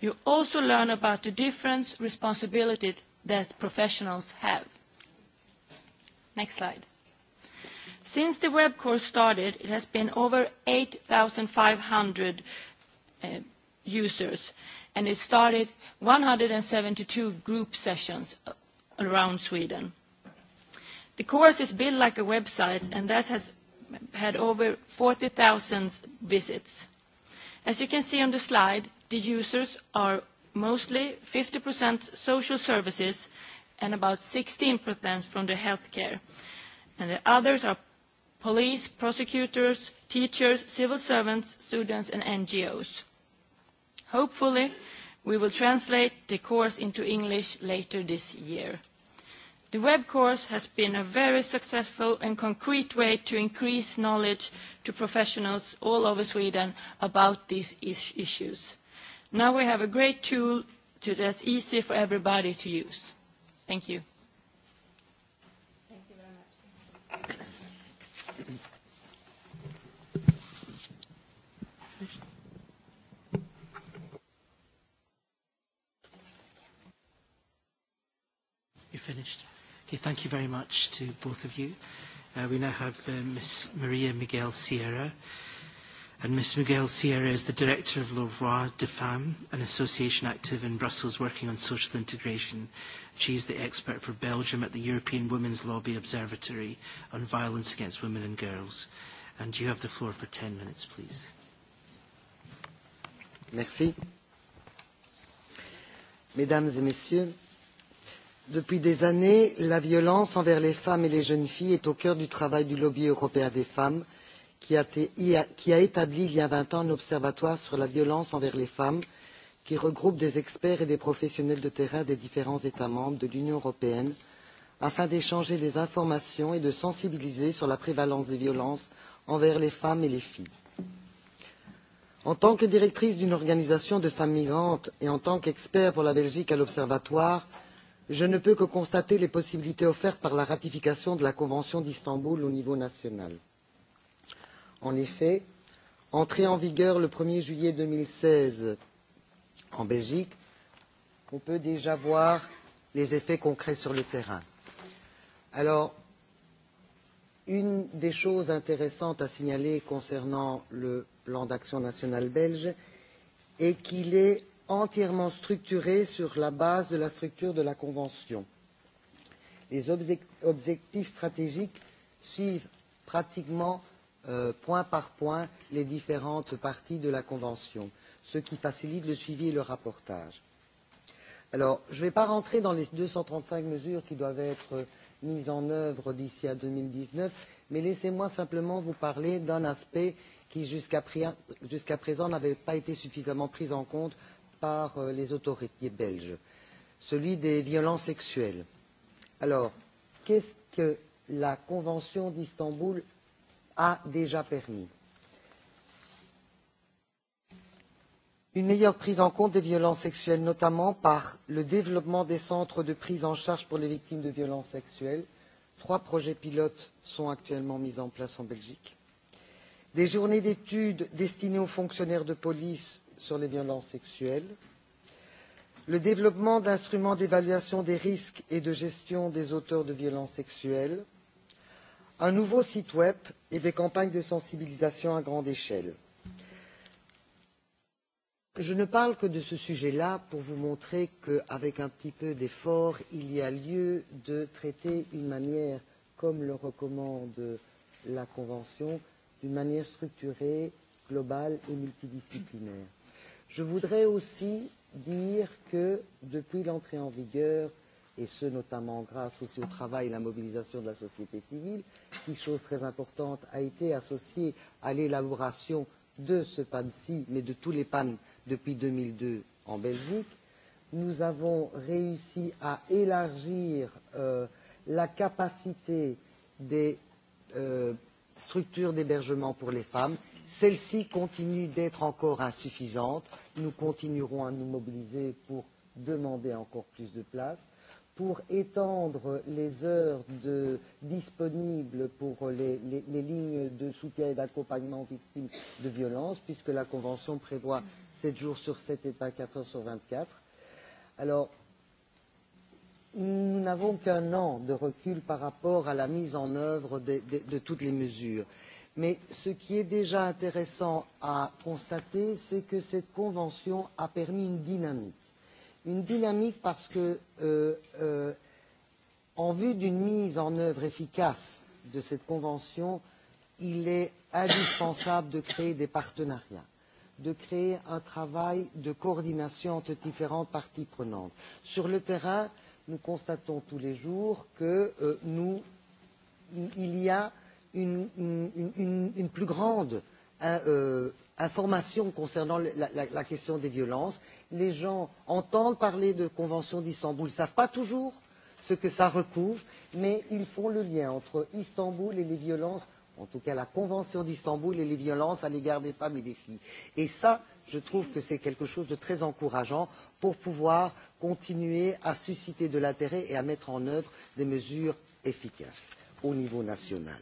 You also learn about the different responsibilities that professionals have. Next slide. Since the web course started, it has been over 8,500 users, and it started 172 group sessions around Sweden. The course is built like a website, and that has had over 40,000 visits. As you can see on the slide, the users are mostly 50% social services and about 16% from the healthcare. And the others are police, prosecutors, teachers, civil servants, students, and NGOs. Hopefully, we will translate the course into English later this year. The web course has been a very successful and concrete way to increase knowledge to professionals all over Sweden about these issues. Now we have a great tool that's easy for everybody to use. Thank you. Thank you very much. You're finished. Okay, thank you very much to both of you. Uh, we now have uh, Ms. Maria Miguel Sierra. And Ms. Miguel Sierra is the director of Le Roi de Femmes, an association active in Brussels working on social integration She's the expert for Belgium at the European Women's Lobby Observatory on violence against women and girls. And you have the floor for 10 minutes, please. Merci. Mesdames et messieurs, depuis des années, la violence envers les femmes et les jeunes filles est au cœur du travail du lobby européen des femmes, qui a, qui a établi il y a 20 ans un observatoire sur la violence envers les femmes qui regroupe des experts et des professionnels de terrain des différents États membres de l'Union européenne afin d'échanger des informations et de sensibiliser sur la prévalence des violences envers les femmes et les filles. En tant que directrice d'une organisation de femmes migrantes et en tant qu'expert pour la Belgique à l'Observatoire, je ne peux que constater les possibilités offertes par la ratification de la Convention d'Istanbul au niveau national. En effet, entrée en vigueur le 1er juillet 2016 en Belgique, on peut déjà voir les effets concrets sur le terrain. Alors, une des choses intéressantes à signaler concernant le plan d'action national belge est qu'il est entièrement structuré sur la base de la structure de la Convention. Les objectifs stratégiques suivent pratiquement euh, point par point les différentes parties de la Convention. Euh, ce qui facilite le suivi et le rapportage. Alors, je ne vais pas rentrer dans les 235 mesures qui doivent être mises en œuvre d'ici à 2019, mais laissez-moi simplement vous parler d'un aspect qui, jusqu'à jusqu présent, n'avait pas été suffisamment pris en compte par les autorités belges, celui des violences sexuelles. Alors, qu'est-ce que la Convention d'Istanbul a déjà permis une meilleure prise en compte des violences sexuelles, notamment par le développement des centres de prise en charge pour les victimes de violences sexuelles. Trois projets pilotes sont actuellement mis en place en Belgique. Des journées d'études destinées aux fonctionnaires de police sur les violences sexuelles. Le développement d'instruments d'évaluation des risques et de gestion des auteurs de violences sexuelles. Un nouveau site web et des campagnes de sensibilisation à grande échelle Je ne parle que de ce sujet-là pour vous montrer qu'avec un petit peu d'effort, il y a lieu de traiter d'une manière, comme le recommande la Convention, d'une manière structurée, globale et multidisciplinaire. Je voudrais aussi dire que depuis l'entrée en vigueur, et ce notamment grâce aussi au travail et à la mobilisation de la société civile, qui, chose très importante, a été associée à l'élaboration de ce PAN-ci, mais de tous les PAN depuis deux mille deux en Belgique, nous avons réussi à élargir la capacité des structures d'hébergement pour les femmes. Celles-ci continuent d'être encore insuffisantes. Nous continuerons à nous mobiliser pour demander encore plus de places pour étendre les heures de, disponibles pour les, les, les lignes de soutien et d'accompagnement aux victimes de violences, puisque la Convention prévoit 7 jours sur 7 et pas 4 heures sur 24. Alors, nous n'avons qu'un an de recul par rapport à la mise en œuvre de, de, de toutes les mesures. Mais ce qui est déjà intéressant à constater, c'est que cette convention a permis une dynamique une dynamique parce que, euh, euh, en vue d'une mise en œuvre efficace de cette convention, il est indispensable de créer des partenariats, de créer un travail de coordination entre différentes parties prenantes. Sur le terrain, nous constatons tous les jours que euh, nous, il y a une, une, une, une plus grande euh, information concernant la, la, la question des violences les gens entendent parler de Convention d'Istanbul, ne savent pas toujours ce que ça recouvre, mais ils font le lien entre Istanbul et les violences, en tout cas la Convention d'Istanbul et les violences à l'égard des femmes et des filles. Et ça, je trouve que c'est quelque chose de très encourageant pour pouvoir continuer à susciter de l'intérêt et à mettre en œuvre des mesures efficaces au niveau national.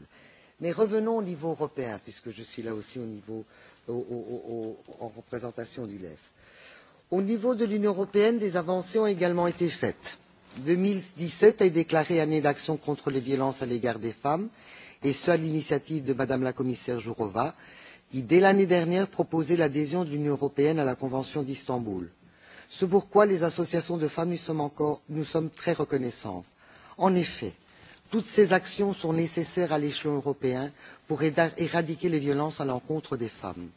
Mais revenons au niveau européen, puisque je suis là aussi au niveau, au, au, au, en représentation du LEF au niveau de l'union européenne des avancées ont également été faites. deux mille dix sept est déclarée année d'action contre les violences à l'égard des femmes et ce à l'initiative de madame la commissaire jourov qui dès l'année dernière proposait l'adhésion de l'union européenne à la convention d'istanbul. c'est pourquoi les associations de femmes nous sommes très reconnaissantes. en effet toutes ces actions sont nécessaires à l'échelon européen pour éradiquer les violences à l'encontre des femmes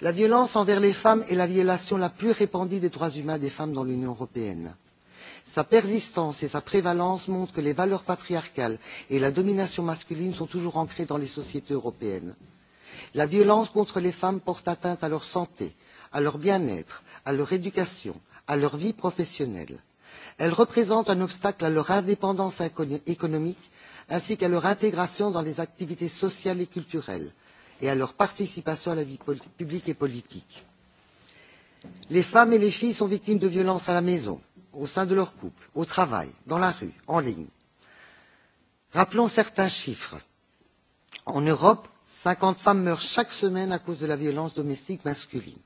La violence envers les femmes est la violation la plus répandue des droits humains des femmes dans l'Union européenne. Sa persistance et sa prévalence montrent que les valeurs patriarcales et la domination masculine sont toujours ancrées dans les sociétés européennes. La violence contre les femmes porte atteinte à leur santé, à leur bien-être, à leur éducation, à leur vie professionnelle. Elle représente un obstacle à leur indépendance économique ainsi qu'à leur intégration dans les activités sociales et culturelles et à leur participation à la vie publique et politique. Les femmes et les filles sont victimes de violences à la maison, au sein de leur couple, au travail, dans la rue, en ligne. Rappelons certains chiffres. En Europe, cinquante femmes meurent chaque semaine à cause de la violence domestique masculine.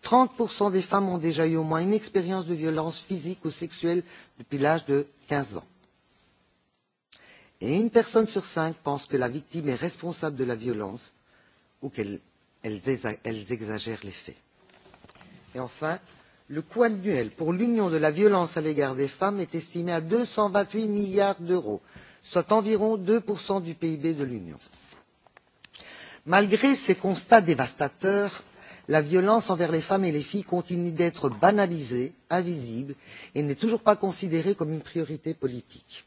Trente des femmes ont déjà eu au moins une expérience de violence physique ou sexuelle depuis l'âge de quinze ans. Et une personne sur cinq pense que la victime est responsable de la violence ou qu'elles exagèrent les faits. Et enfin, le coût annuel pour l'Union de la violence à l'égard des femmes est estimé à deux cent vingt huit milliards d'euros, soit environ deux du PIB de l'Union. Malgré ces constats dévastateurs, la violence envers les femmes et les filles continue d'être banalisée, invisible et n'est toujours pas considérée comme une priorité politique.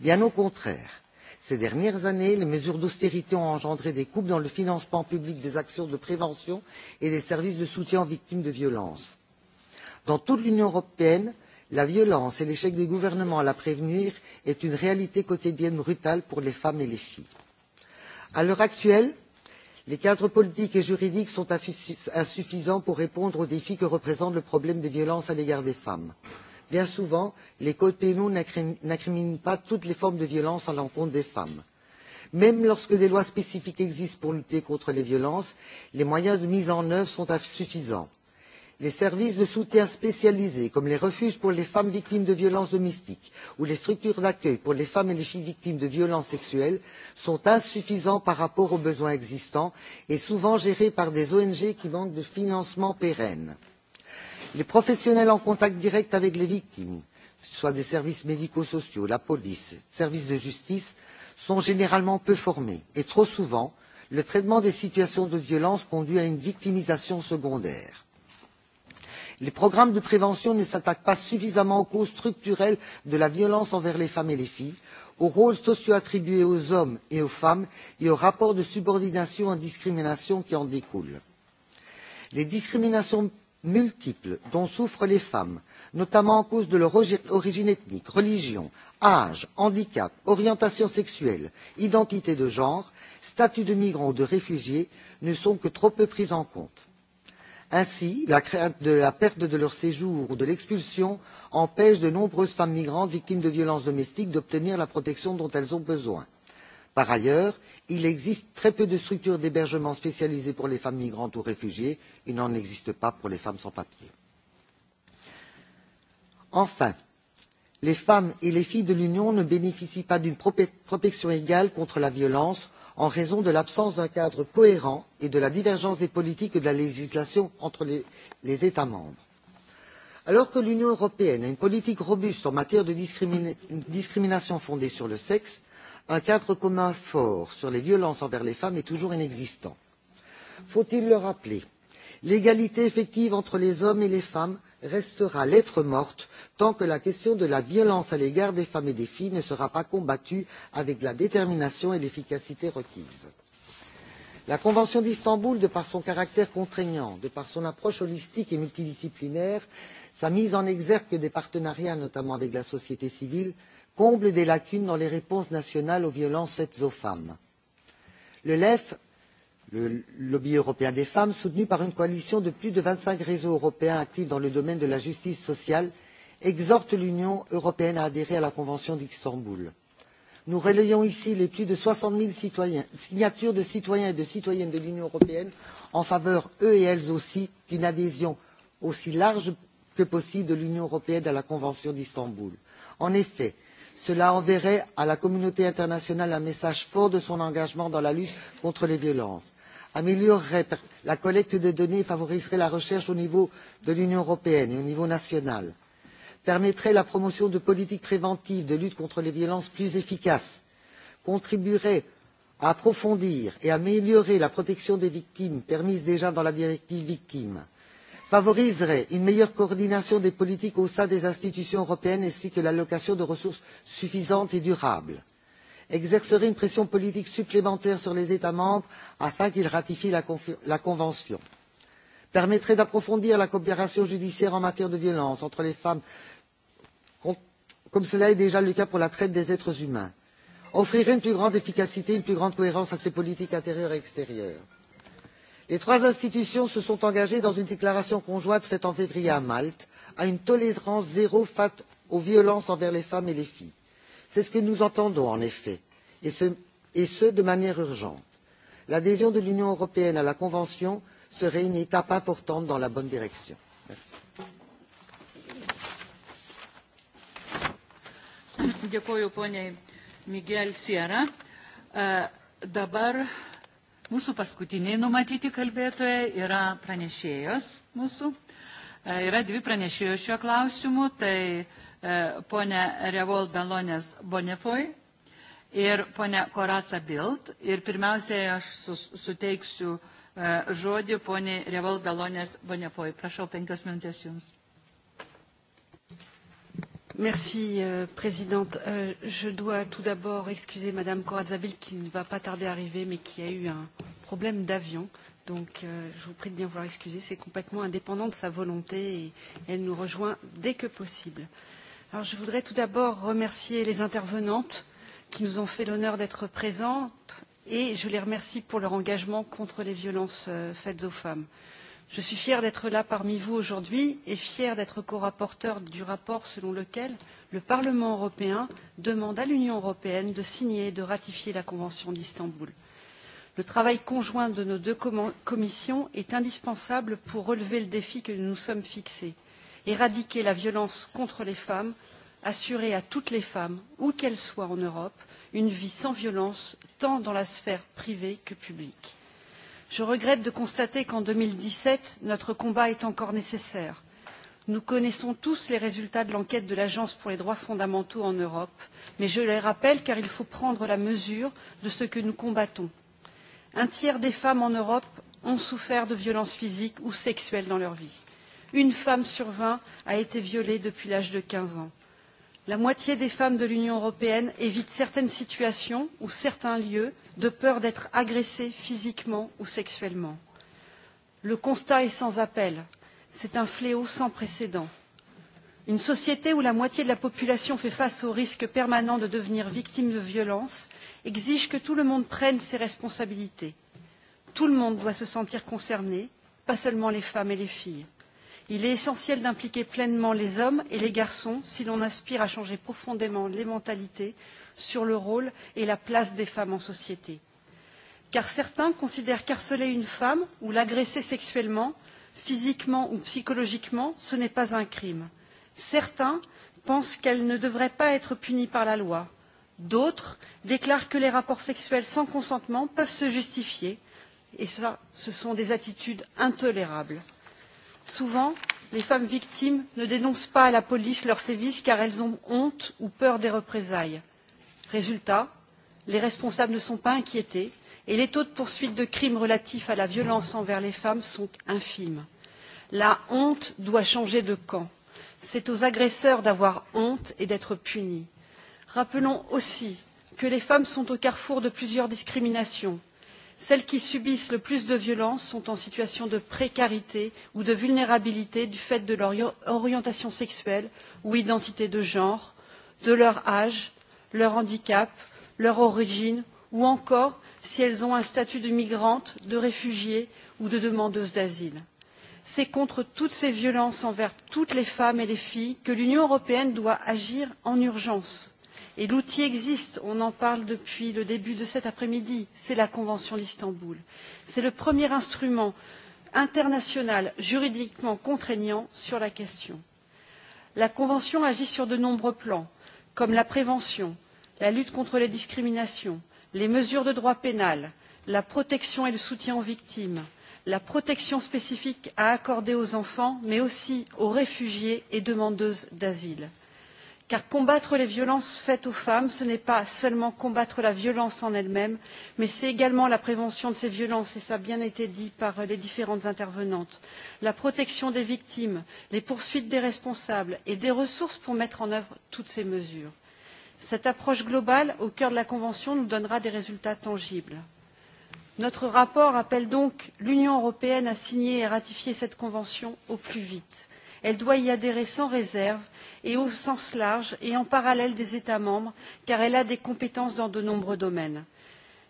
Bien au contraire, Ces dernières années, les mesures d'austérité ont engendré des coupes dans le financement public des actions de prévention et des services de soutien aux victimes de violences. Dans toute l'Union européenne, la violence et l'échec des gouvernements à la prévenir est une réalité quotidienne brutale pour les femmes et les filles. À l'heure actuelle, les cadres politiques et juridiques sont insuffisants pour répondre aux défis que représente le problème des violences à l'égard des femmes bien souvent, les codes pénaux n'incriminent pas toutes les formes de violence à l'encontre des femmes. Même lorsque des lois spécifiques existent pour lutter contre les violences, les moyens de mise en œuvre sont insuffisants. Les services de soutien spécialisés, comme les refuges pour les femmes victimes de violences domestiques ou les structures d'accueil pour les femmes et les filles victimes de violences sexuelles, sont insuffisants par rapport aux besoins existants et souvent gérés par des ONG qui manquent de financement pérenne les professionnels en contact direct avec les victimes que ce soit des services médico sociaux la police les services de justice sont généralement peu formés et trop souvent le traitement des situations de violence conduit à une victimisation secondaire. les programmes de prévention ne s'attaquent pas suffisamment aux causes structurelles de la violence envers les femmes et les filles aux rôles sociaux attribués aux hommes et aux femmes et aux rapports de subordination et de discrimination qui en découlent. les discriminations multiples dont souffrent les femmes, notamment à cause de leur origine ethnique, religion, âge, handicap, orientation sexuelle, identité de genre, statut de migrant ou de réfugié, ne sont que trop peu prises en compte. Ainsi, la crainte de la perte de leur séjour ou de l'expulsion empêche de nombreuses femmes migrantes victimes de violences domestiques d'obtenir la protection dont elles ont besoin par ailleurs il existe très peu de structures d'hébergement spécialisées pour les femmes migrantes ou réfugiées il n'en existe pas pour les femmes sans papiers. enfin les femmes et les filles de l'union ne bénéficient pas d'une protection égale contre la violence en raison de l'absence d'un cadre cohérent et de la divergence des politiques et de la législation entre les états membres. alors que l'union européenne a une politique robuste en matière de discrimination fondée sur le sexe un cadre commun fort sur les violences envers les femmes est toujours inexistant. Faut il le rappeler L'égalité effective entre les hommes et les femmes restera lettre morte tant que la question de la violence à l'égard des femmes et des filles ne sera pas combattue avec la détermination et l'efficacité requises. La Convention d'Istanbul, de par son caractère contraignant, de par son approche holistique et multidisciplinaire, sa mise en exergue des partenariats, notamment avec la société civile, comble des lacunes dans les réponses nationales aux violences faites aux femmes. Le LEF, le lobby européen des femmes, soutenu par une coalition de plus de vingt cinq réseaux européens actifs dans le domaine de la justice sociale, exhorte l'Union européenne à adhérer à la Convention d'Istanbul. Nous relayons ici les plus de soixante 000 signatures de citoyens et de citoyennes de l'Union européenne en faveur, eux et elles aussi, d'une adhésion aussi large que possible de l'Union européenne à la Convention d'Istanbul. En effet, Cela enverrait à la communauté internationale un message fort de son engagement dans la lutte contre les violences améliorerait la collecte de données et favoriserait la recherche au niveau de l'Union européenne et au niveau national, permettrait la promotion de politiques préventives de lutte contre les violences plus efficaces, contribuerait à approfondir et améliorer la protection des victimes permise déjà dans la directive victimes, favoriserait une meilleure coordination des politiques au sein des institutions européennes ainsi que l'allocation de ressources suffisantes et durables exercerait une pression politique supplémentaire sur les états membres afin qu'ils ratifient la convention permettrait d'approfondir la coopération judiciaire en matière de violence entre les femmes comme cela est déjà le cas pour la traite des êtres humains offrirait une plus grande efficacité et une plus grande cohérence à ces politiques intérieures et extérieures les trois institutions se sont engagées dans une déclaration conjointe faite en février à malte à une tolérance zéro face aux violences envers les femmes et les filles. c'est ce que nous entendons en effet et ce de manière urgente. l'adhésion de l'union européenne à la convention serait une étape importante dans la bonne direction. dėkoju poniai miguel sierra dabar Mūsų paskutiniai numatyti kalbėtojai yra pranešėjos mūsų. Yra dvi pranešėjos šiuo klausimu, tai ponia Revol Dalonės Bonifoj ir ponia Koraca Bild. Ir pirmiausiai aš suteiksiu žodį poniai Revol Dalonės Bonifoj. Prašau, penkios minutės jums. Merci, euh, Présidente. Euh, je dois tout d'abord excuser Madame Corazzabil qui ne va pas tarder à arriver, mais qui a eu un problème d'avion. Donc, euh, je vous prie de bien vouloir excuser. C'est complètement indépendant de sa volonté et elle nous rejoint dès que possible. Alors, je voudrais tout d'abord remercier les intervenantes qui nous ont fait l'honneur d'être présentes et je les remercie pour leur engagement contre les violences faites aux femmes. Je suis fière d'être là parmi vous aujourd'hui et fière d'être co-rapporteur du rapport selon lequel le Parlement européen demande à l'Union européenne de signer et de ratifier la Convention d'Istanbul. Le travail conjoint de nos deux commissions est indispensable pour relever le défi que nous nous sommes fixés éradiquer la violence contre les femmes, assurer à toutes les femmes, où qu'elles soient en Europe, une vie sans violence, tant dans la sphère privée que publique. Je regrette de constater qu'en deux mille dix sept, notre combat est encore nécessaire. Nous connaissons tous les résultats de l'enquête de l'Agence pour les droits fondamentaux en Europe, mais je les rappelle car il faut prendre la mesure de ce que nous combattons. Un tiers des femmes en Europe ont souffert de violences physiques ou sexuelles dans leur vie. Une femme sur vingt a été violée depuis l'âge de quinze ans. La moitié des femmes de l'Union européenne évite certaines situations ou certains lieux de peur d'être agressées physiquement ou sexuellement. Le constat est sans appel. C'est un fléau sans précédent. Une société où la moitié de la population fait face au risque permanent de devenir victime de violences exige que tout le monde prenne ses responsabilités. Tout le monde doit se sentir concerné, pas seulement les femmes et les filles. Il est essentiel d'impliquer pleinement les hommes et les garçons si l'on aspire à changer profondément les mentalités sur le rôle et la place des femmes en société. Car certains considèrent qu'harceler une femme ou l'agresser sexuellement, physiquement ou psychologiquement, ce n'est pas un crime. Certains pensent qu'elle ne devrait pas être punie par la loi. D'autres déclarent que les rapports sexuels sans consentement peuvent se justifier. Et ça, ce sont des attitudes intolérables. Souvent, les femmes victimes ne dénoncent pas à la police leurs sévices car elles ont honte ou peur des représailles. Résultat, les responsables ne sont pas inquiétés et les taux de poursuite de crimes relatifs à la violence envers les femmes sont infimes. La honte doit changer de camp. C'est aux agresseurs d'avoir honte et d'être punis. Rappelons aussi que les femmes sont au carrefour de plusieurs discriminations celles qui subissent le plus de violences sont en situation de précarité ou de vulnérabilité du fait de leur orientation sexuelle ou identité de genre de leur âge leur handicap leur origine ou encore si elles ont un statut de migrante de réfugiée ou de demandeuse d'asile. c'est contre toutes ces violences envers toutes les femmes et les filles que l'union européenne doit agir en urgence et l'outil existe on en parle depuis le début de cet après midi c'est la convention d'istanbul. c'est le premier instrument international juridiquement contraignant sur la question. la convention agit sur de nombreux plans comme la prévention la lutte contre les discriminations les mesures de droit pénal la protection et le soutien aux victimes la protection spécifique à accorder aux enfants mais aussi aux réfugiés et demandeuses d'asile car combattre les violences faites aux femmes ce n'est pas seulement combattre la violence en elle même mais c'est également la prévention de ces violences et cela a bien été dit par les différentes intervenantes la protection des victimes les poursuites des responsables et des ressources pour mettre en œuvre toutes ces mesures. cette approche globale au cœur de la convention nous donnera des résultats tangibles. notre rapport appelle donc l'union européenne à signer et à ratifier cette convention au plus vite Elle doit y adhérer sans réserve et au sens large et en parallèle des États membres, car elle a des compétences dans de nombreux domaines.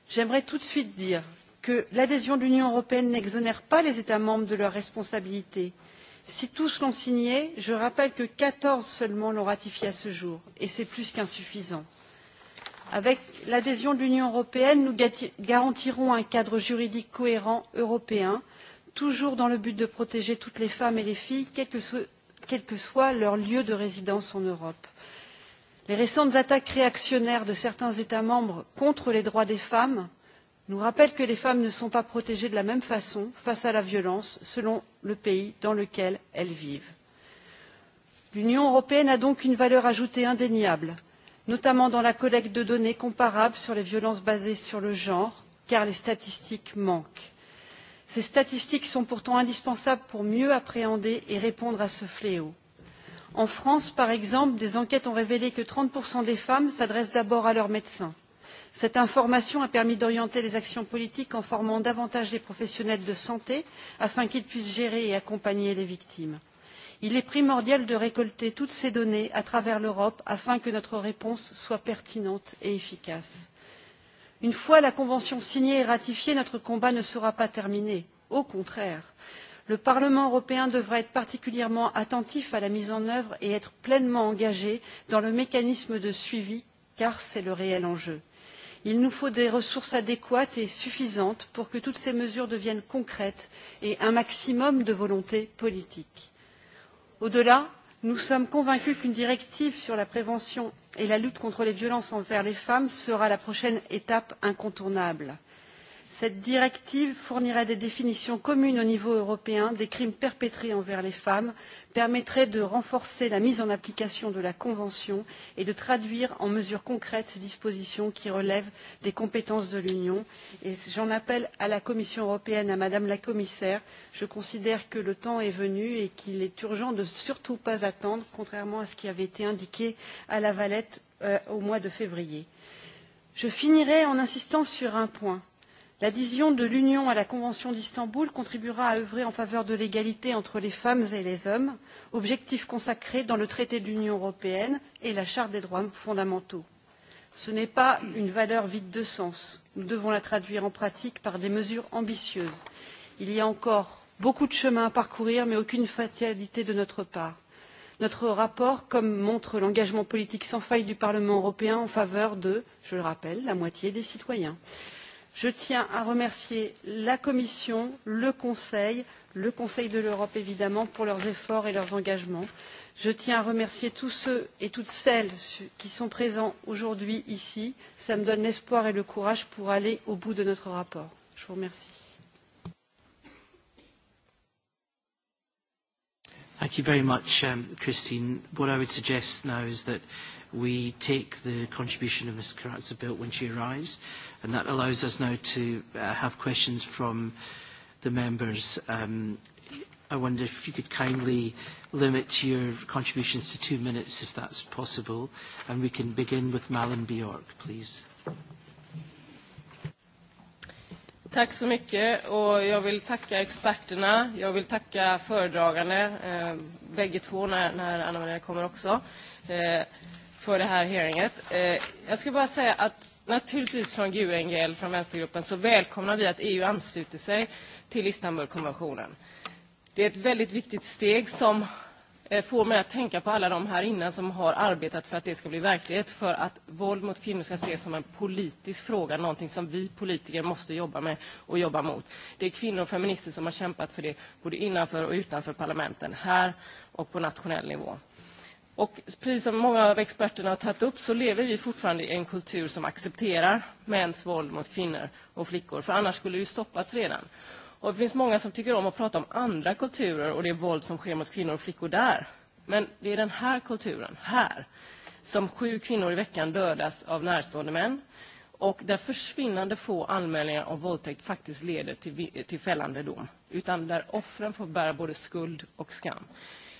J'aimerais tout de suite dire que l'adhésion de l'Union européenne n'exonère pas les États membres de leurs responsabilités. Si tous l'ont signée, je rappelle que quatorze seulement l'ont ratifiée à ce jour, et c'est plus qu'insuffisant. Avec l'adhésion de l'Union européenne, nous garantirons un cadre juridique cohérent européen toujours dans le but de protéger toutes les femmes et les filles, quel que soit leur lieu de résidence en Europe. Les récentes attaques réactionnaires de certains États membres contre les droits des femmes nous rappellent que les femmes ne sont pas protégées de la même façon face à la violence selon le pays dans lequel elles vivent. L'Union européenne a donc une valeur ajoutée indéniable, notamment dans la collecte de données comparables sur les violences basées sur le genre, car les statistiques manquent Ces statistiques sont pourtant indispensables pour mieux appréhender et répondre à ce fléau. En France, par exemple, des enquêtes ont révélé que 30% des femmes s'adressent d'abord à leur médecin. Cette information a permis d'orienter les actions politiques en formant davantage les professionnels de santé afin qu'ils puissent gérer et accompagner les victimes. Il est primordial de récolter toutes ces données à travers l'Europe afin que notre réponse soit pertinente et efficace une fois la convention signée et ratifiée notre combat ne sera pas terminé au contraire le parlement européen devra être particulièrement attentif à la mise en œuvre et être pleinement engagé dans le mécanisme de suivi car c'est le réel enjeu. il nous faut des ressources adéquates et suffisantes pour que toutes ces mesures deviennent concrètes et un maximum de volonté politique. au delà Nous sommes convaincus qu'une directive sur la prévention et la lutte contre les violences envers les femmes sera la prochaine étape incontournable Cette directive fournirait des définitions communes au niveau européen des crimes perpétrés envers les femmes, permettrait de renforcer la mise en application de la Convention et de traduire en mesures concrètes ces dispositions qui relèvent des compétences de l'Union. J'en appelle à la Commission européenne, à Madame la Commissaire. Je considère que le temps est venu et qu'il est urgent de ne surtout pas attendre, contrairement à ce qui avait été indiqué à La Valette au mois de février. Je finirai en insistant sur un point L'adhésion de l'Union à la Convention d'Istanbul contribuera à œuvrer en faveur de l'égalité entre les femmes et les hommes, objectif consacré dans le traité de l'Union européenne et la Charte des droits fondamentaux. Ce n'est pas une valeur vide de sens. Nous devons la traduire en pratique par des mesures ambitieuses. Il y a encore beaucoup de chemin à parcourir, mais aucune fatalité de notre part. Notre rapport, comme montre l'engagement politique sans faille du Parlement européen en faveur de, je le rappelle, la moitié des citoyens je tiens à remercier la commission le conseil le conseil de l'europe évidemment pour leurs efforts et leurs engagements. je tiens à remercier tous ceux et toutes celles qui sont présents aujourd'hui ici cela me donne l'espoir et le courage pour aller au bout de notre rapport. je vous remercie. Thank you very much, um, Christine. What I would suggest now is that we take the contribution of Ms. Karatza-Bilt when she arrives And that allows us now to uh, have questions from the members. Um, I wonder if you could kindly limit your contributions to two minutes, if that's possible. And we can begin with Malin Bjork, please. Tack så mycket och jag vill tacka experterna. Jag vill tacka föredragande, eh, bägge två när, när Anna-Maria kommer också, eh, för det här hearinget. Eh, jag ska bara säga att Naturligtvis från GUNGL, från vänstergruppen, så välkomnar vi att EU ansluter sig till Istanbulkonventionen. Det är ett väldigt viktigt steg som får mig att tänka på alla de här innan som har arbetat för att det ska bli verklighet, för att våld mot kvinnor ska ses som en politisk fråga, någonting som vi politiker måste jobba med och jobba mot. Det är kvinnor och feminister som har kämpat för det, både innanför och utanför parlamenten, här och på nationell nivå. Och precis som många av experterna har tagit upp så lever vi fortfarande i en kultur som accepterar mäns våld mot kvinnor och flickor, för annars skulle det ju stoppats redan. Och det finns många som tycker om att prata om andra kulturer och det våld som sker mot kvinnor och flickor där. Men det är den här kulturen, här, som sju kvinnor i veckan dödas av närstående män och där försvinnande få anmälningar om våldtäkt faktiskt leder till, till fällande dom, utan där offren får bära både skuld och skam.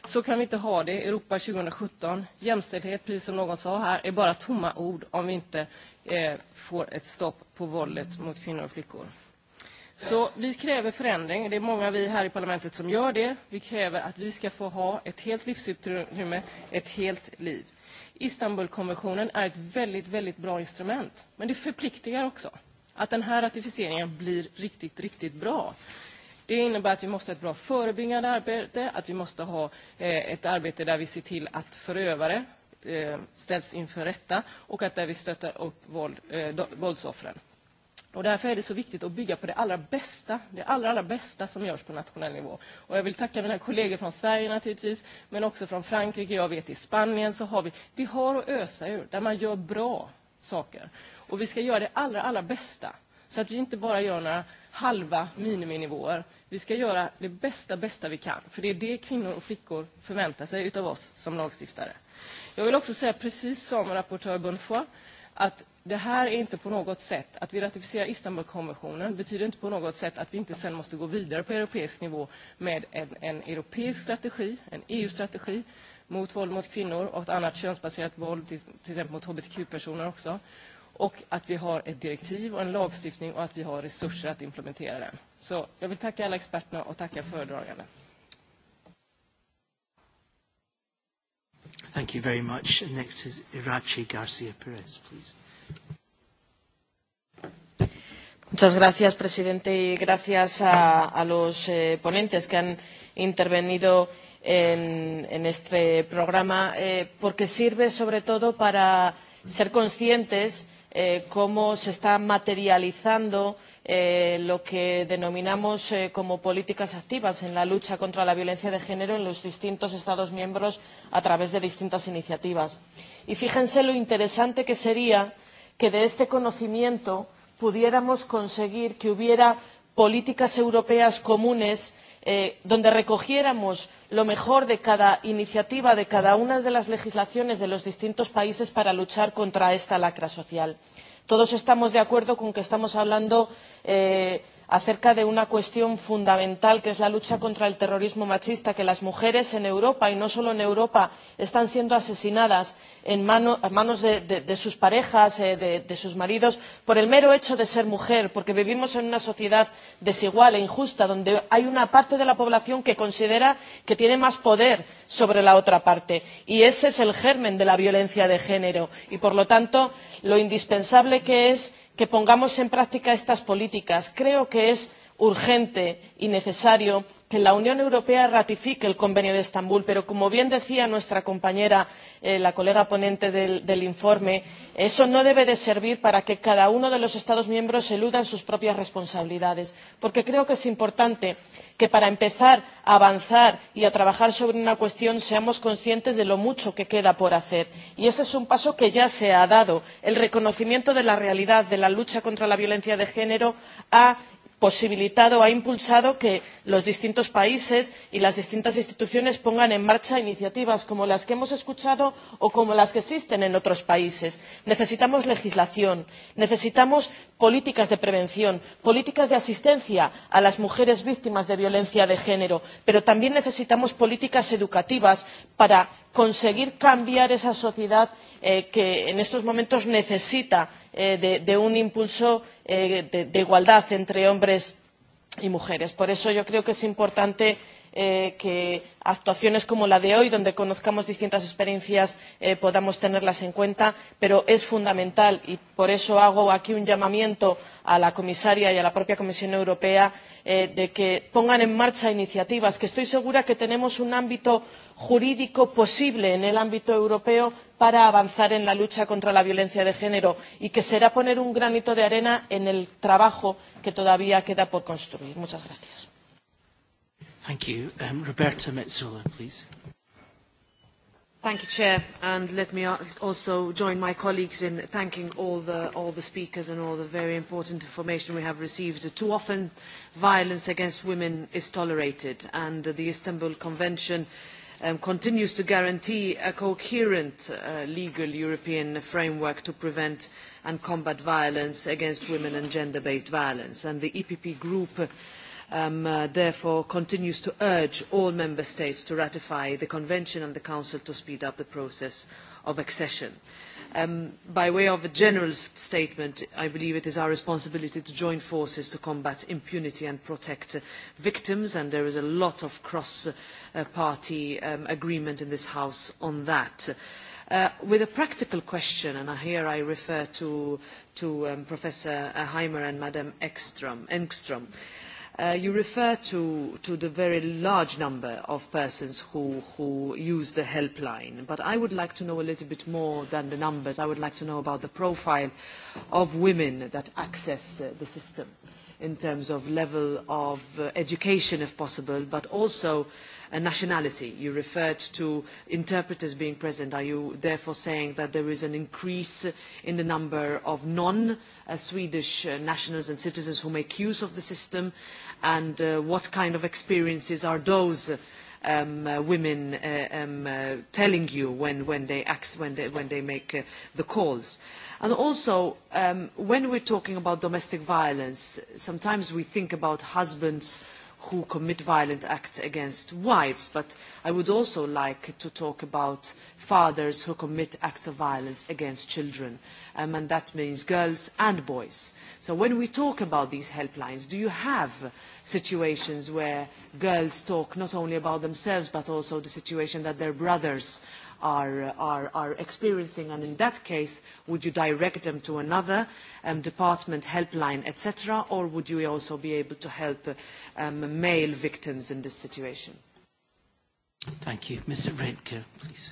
Så kan vi inte ha det. i Europa 2017, jämställdhet, precis som någon sa här, är bara tomma ord om vi inte eh, får ett stopp på våldet mot kvinnor och flickor. Så vi kräver förändring. Det är många vi här i parlamentet som gör det. Vi kräver att vi ska få ha ett helt livsutrymme, ett helt liv. Istanbulkonventionen är ett väldigt, väldigt bra instrument. Men det förpliktigar också att den här ratificeringen blir riktigt, riktigt bra. Det innebär att vi måste ha ett bra förebyggande arbete, att vi måste ha ett arbete där vi ser till att förövare ställs inför rätta och att där vi stöttar upp våld, våldsoffren. Och därför är det så viktigt att bygga på det allra bästa, det allra, allra bästa som görs på nationell nivå. Och jag vill tacka mina kollegor från Sverige naturligtvis, men också från Frankrike. Jag vet i Spanien så har vi, vi har att ösa ur, där man gör bra saker. Och vi ska göra det allra, allra bästa. Så att vi inte bara gör några halva miniminivåer, Vi ska göra det bästa, bästa vi kan, för det är det kvinnor och flickor förväntar sig av oss som lagstiftare. Jag vill också säga, precis som rapportör Bonfoy, att det här är inte på något sätt, att vi ratificerar Istanbulkonventionen betyder inte på något sätt att vi inte sen måste gå vidare på europeisk nivå med en, en europeisk strategi, en EU-strategi mot våld mot kvinnor och ett annat könsbaserat våld, till, till exempel mot hbtq-personer också och att vi har ett direktiv och en lagstiftning och att vi har resurser att implementera den. Så jag vill tacka alla experterna och tacka föredragande. Thank you very much. Next is Irachi Garcia Perez, please. Muchas gracias, presidente, y gracias a, a los eh, ponentes que han intervenido en, en este programa, eh, porque sirve sobre todo para ser conscientes eh, cómo se está materializando eh, lo que denominamos eh, como políticas activas en la lucha contra la violencia de género en los distintos Estados miembros a través de distintas iniciativas. Y fíjense lo interesante que sería que de este conocimiento pudiéramos conseguir que hubiera políticas europeas comunes donde recogiéramos lo mejor de cada iniciativa de cada una de las legislaciones de los distintos países para luchar contra esta lacra social. todos estamos de acuerdo en que estamos hablando de acerca de una cuestión fundamental que es la lucha contra el terrorismo machista que las mujeres en europa y no solo en europa están siendo asesinadas a manos de sus parejas de sus maridos por el mero hecho de ser mujer porque vivimos en una sociedad desigual e injusta donde hay una parte de la población que considera que tiene más poder sobre la otra parte y ese es el germen de la violencia de género y por lo tanto lo indispensable que es que pongamos en práctica estas políticas. Creo que es urgente y necesario que la Unión Europea ratifique el Convenio de Estambul, pero como bien decía nuestra compañera, la colega ponente del, informe, eso no debe servir para que cada uno de los Estados miembros eluda sus propias responsabilidades, porque creo que es importante que para empezar a avanzar y a trabajar sobre una cuestión seamos conscientes de lo mucho que queda por hacer. Y ese es un paso que ya se ha dado. El reconocimiento de la realidad de la lucha contra la violencia de género ha posibilitado o ha impulsado que los distintos países y las distintas instituciones pongan en marcha iniciativas como las que hemos escuchado o como las que existen en otros países. necesitamos legislación necesitamos políticas de prevención políticas de asistencia a las mujeres víctimas de violencia de género pero también necesitamos políticas educativas para conseguir cambiar esa sociedad que en estos momentos necesita de un impulso de igualdad entre hombres y mujeres. por eso yo creo que es importante que eh, que actuaciones como la de hoy, donde conozcamos distintas experiencias, eh, podamos tenerlas en cuenta, pero es fundamental y por eso hago aquí un llamamiento a la comisaria y a la propia Comisión Europea eh, de que pongan en marcha iniciativas, que estoy segura que tenemos un ámbito jurídico posible en el ámbito europeo para avanzar en la lucha contra la violencia de género y que será poner un granito de arena en el trabajo que todavía queda por construir. Muchas gracias. Thank you. Um, Roberta Metzola, please. Thank you, Chair, and let me also join my colleagues in thanking all the, all the speakers and all the very important information we have received. Too often, violence against women is tolerated, and the Istanbul Convention continues to guarantee a coherent legal European framework to prevent and combat violence against women and gender-based violence. And the EPP Group therefore continues to urge all member states to ratify the convention and the council to speed up the process of accession. by way of a general statement i believe it is our responsibility to join forces to combat impunity and protect victims and there is a lot of cross party agreement in this house on that with a practical question, and here I refer to, Professor Heimer and Madam Engström you refer to, the very large number of persons who, use the helpline, but I would like to know a little bit more than the numbers. I would like to know about the profile of women that access the system in terms of level of education, if possible, but also nationality. You referred to interpreters being present. Are you therefore saying that there is an increase in the number of non-Swedish nationals and citizens who make use of the system? and what kind of experiences are those women telling you when they make the calls. And also, when we're talking about domestic violence, sometimes we think about husbands who commit violent acts against wives, but I would also like to talk about fathers who commit acts of violence against children, and that means girls and boys. So when we talk about these helplines, do you have situations where girls talk not only about themselves but also the situation that their brothers are, are, are experiencing and in that case would you direct them to another um, department helpline etc or would you also be able to help um, male victims in this situation? Thank you. Mr. Redke, please.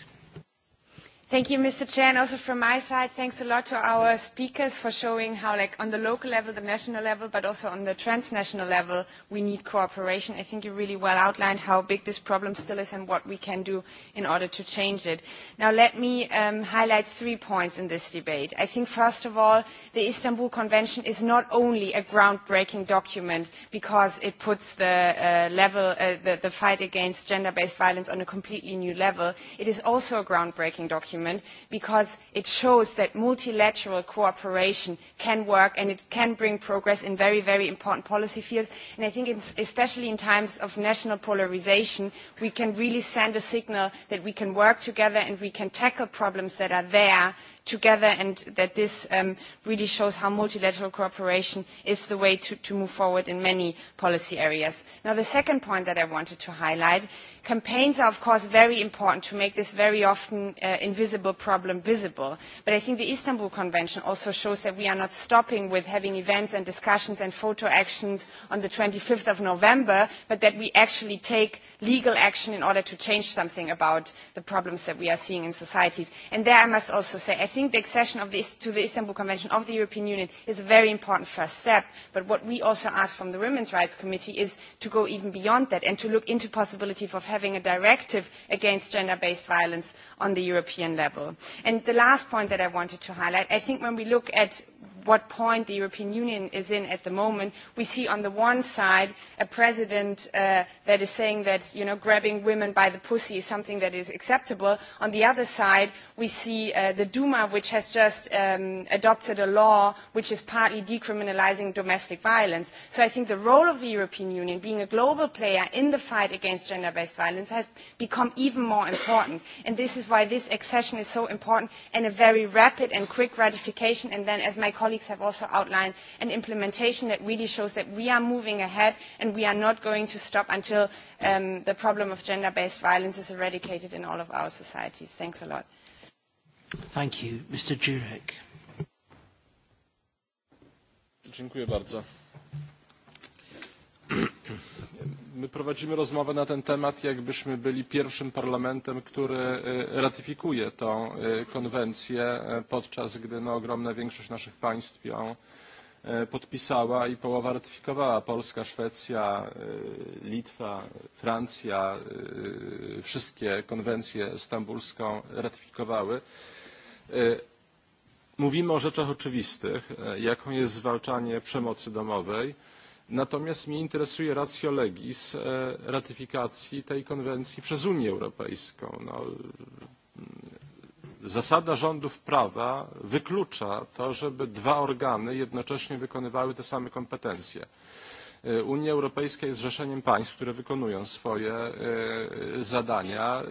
Thank you, Mr. Chair. And also from my side, thanks a lot to our speakers for showing how, like, on the local level, the national level, but also on the transnational level, we need cooperation. I think you really well outlined how big this problem still is and what we can do in order to change it. Now, let me um, highlight three points in this debate. I think, first of all, the Istanbul Convention is not only a groundbreaking document because it puts the uh, level, uh, the, the fight against gender-based violence on a completely new level, it is also a groundbreaking document document because it shows that multilateral cooperation can work and it can bring progress in very, very important policy fields. And I think it's especially in times of national polarization, we can really send a signal that we can work together and we can tackle problems that are there together and that this um, really shows how multilateral cooperation is the way to, to move forward in many policy areas. Now the second point that I wanted to highlight, campaigns are of course very important to make this very often uh, invisible problem visible, but I think the Istanbul Convention also shows that we are not stopping with having events and discussions and photo actions on the 25th of November, but that we actually take legal action in order to change something about the problems that we are seeing in societies. And there I must also say, I think the accession of this, to the Istanbul Convention of the European Union is a very important first step. But what we also ask from the Women's Rights Committee is to go even beyond that and to look into the possibility of having a directive against gender-based violence on the European level. And the last point that I wanted to highlight, I think when we look at what point the European Union is in at the moment. We see on the one side a president uh, that is saying that you know, grabbing women by the pussy is something that is acceptable. On the other side, we see uh, the Duma, which has just um, adopted a law which is partly decriminalizing domestic violence. So I think the role of the European Union, being a global player in the fight against gender-based violence, has become even more important. And this is why this accession is so important and a very rapid and quick ratification. And then, as my colleagues have also outlined, an implementation that really shows that we are moving ahead and we are not going to stop until the problem of gender-based violence is eradicated in all of our societies. Thanks a lot. Thank you. Mr. Jurek. Dziękuję bardzo My prowadzimy rozmowę na ten temat, jakbyśmy byli pierwszym parlamentem, który ratyfikuje tę konwencję, podczas gdy no, ogromna większość naszych państw ją podpisała i połowa ratyfikowała. Polska, Szwecja, Litwa, Francja, wszystkie konwencję stambulską ratyfikowały. Mówimy o rzeczach oczywistych, jaką jest zwalczanie przemocy domowej Natomiast mnie interesuje ratio legis ratyfikacji tej konwencji przez Unię Europejską. zasada rządów prawa wyklucza to, żeby dwa organy jednocześnie wykonywały te same kompetencje. Unia Europejska jest zrzeszeniem państw, które wykonują swoje zadania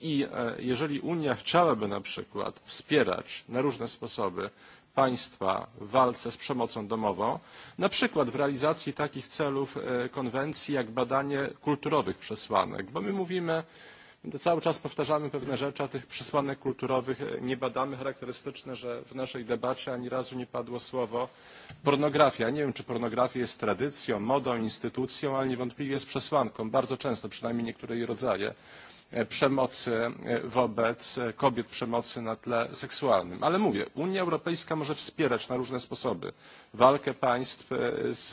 i jeżeli Unia chciałaby na przykład wspierać na różne sposoby państwa w walce z przemocą domową, na przykład w realizacji takich celów konwencji jak badanie kulturowych przesłanek, bo my mówimy, cały czas powtarzamy pewne rzeczy, a tych przesłanek kulturowych nie badamy. Charakterystyczne, że w naszej debacie ani razu nie padło słowo pornografia. Nie wiem, czy pornografia jest tradycją, modą, instytucją, ale niewątpliwie jest przesłanką, bardzo często, przynajmniej niektóre jej rodzaje przemocy wobec kobiet, przemocy na tle seksualnym. Ale mówię, Unia Europejska może wspierać na różne sposoby walkę państw z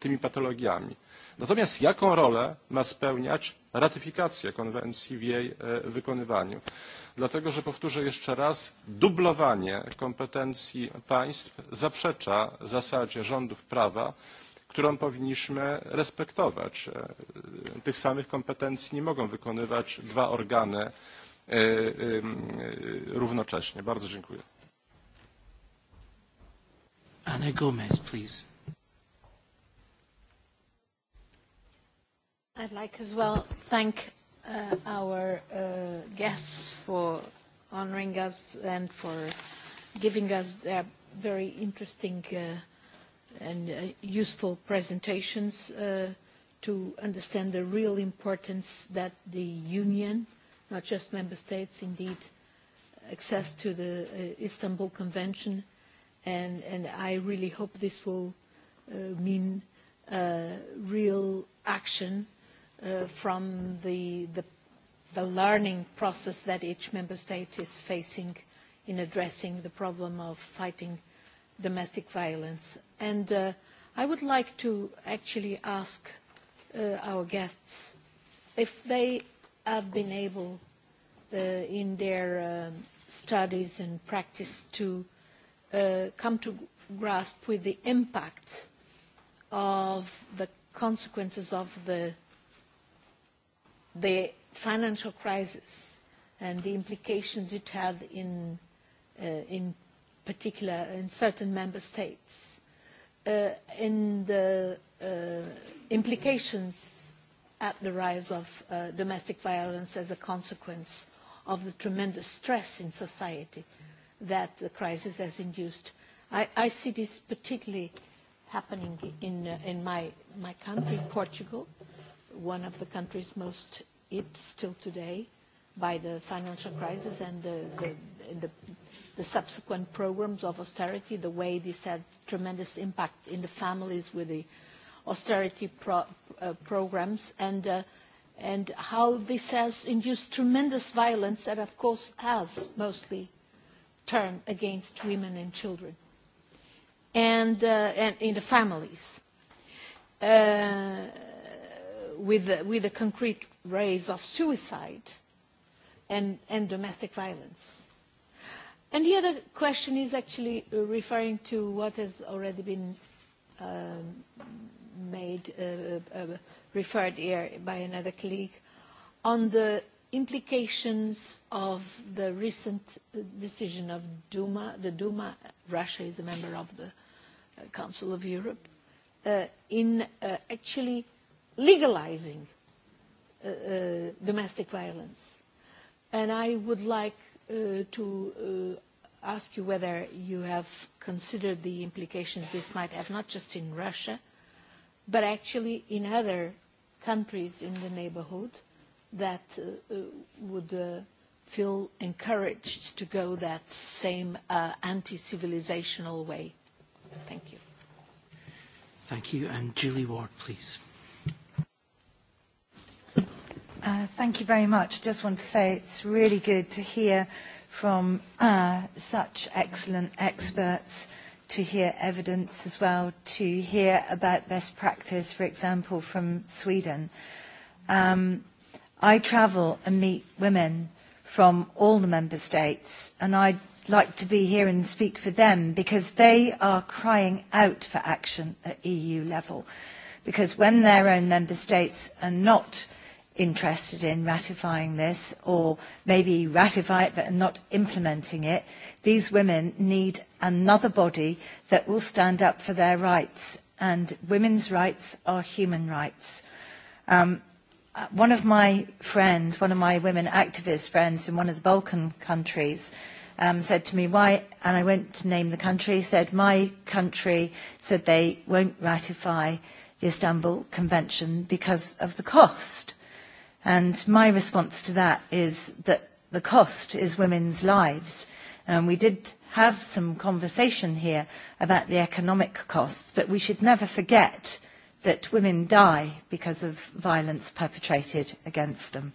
tymi patologiami. Natomiast jaką rolę ma spełniać ratyfikacja konwencji w jej wykonywaniu? Dlatego, że powtórzę jeszcze raz, dublowanie kompetencji państw zaprzecza zasadzie rządów prawa, którą powinniśmy respektować. Tych samych kompetencji nie mogą wykonywać dwa organy równocześnie. Bardzo dziękuję. Anna Gomez, please. I'd like as well thank uh, our uh, guests for honoring us and for giving us their very interesting uh, and useful presentations to understand the real importance that the Union, not just member states, indeed, access to the Istanbul Convention. And, and I really hope this will uh, mean uh, real action uh, from the, the, the learning process that each member state is facing in addressing the problem of fighting domestic violence And uh, I would like to actually ask uh, our guests if they have been able uh, in their um, studies and practice to uh, come to grasp with the impact of the consequences of the, the financial crisis and the implications it had in, uh, in particular in certain member states uh in the uh implications at the rise of uh domestic violence as a consequence of the tremendous stress in society that the crisis has induced. I, I see this particularly happening in, uh, in my, my country, Portugal, one of the countries most hit still today by the financial crisis and the, the, the the subsequent programs of austerity, the way this had tremendous impact in the families with the austerity pro uh, programs, and, uh, and how this has induced tremendous violence that, of course, has mostly turned against women and children and, uh, and in the families. Uh, with, the, with the concrete raise of suicide and, and domestic violence And the other question is actually referring to what has already been um, made, uh, uh, referred here by another colleague, on the implications of the recent decision of Duma, the Duma, Russia is a member of the Council of Europe, uh, in uh, actually legalizing uh, uh, domestic violence. And I would like uh, to ask you whether you have considered the implications this might have, not just in Russia, but actually in other countries in the neighborhood that uh, would uh, feel encouraged to go that same uh, anti-civilizational way. Thank you. Thank you. And Julie Ward, please. Uh, thank you very much. Just want to say it's really good to hear from uh, such excellent experts to hear evidence as well, to hear about best practice, for example, from Sweden. Um, I travel and meet women from all the member states, and I'd like to be here and speak for them because they are crying out for action at EU level. Because when their own member states are not interested in ratifying this or maybe ratify it but not implementing it. These women need another body that will stand up for their rights and women's rights are human rights. Um, one of my friends, one of my women activist friends in one of the Balkan countries um, said to me, why, and I went to name the country, said, my country said they won't ratify the Istanbul Convention because of the cost And my response to that is that the cost is women's lives. And we did have some conversation here about the economic costs, but we should never forget that women die because of violence perpetrated against them.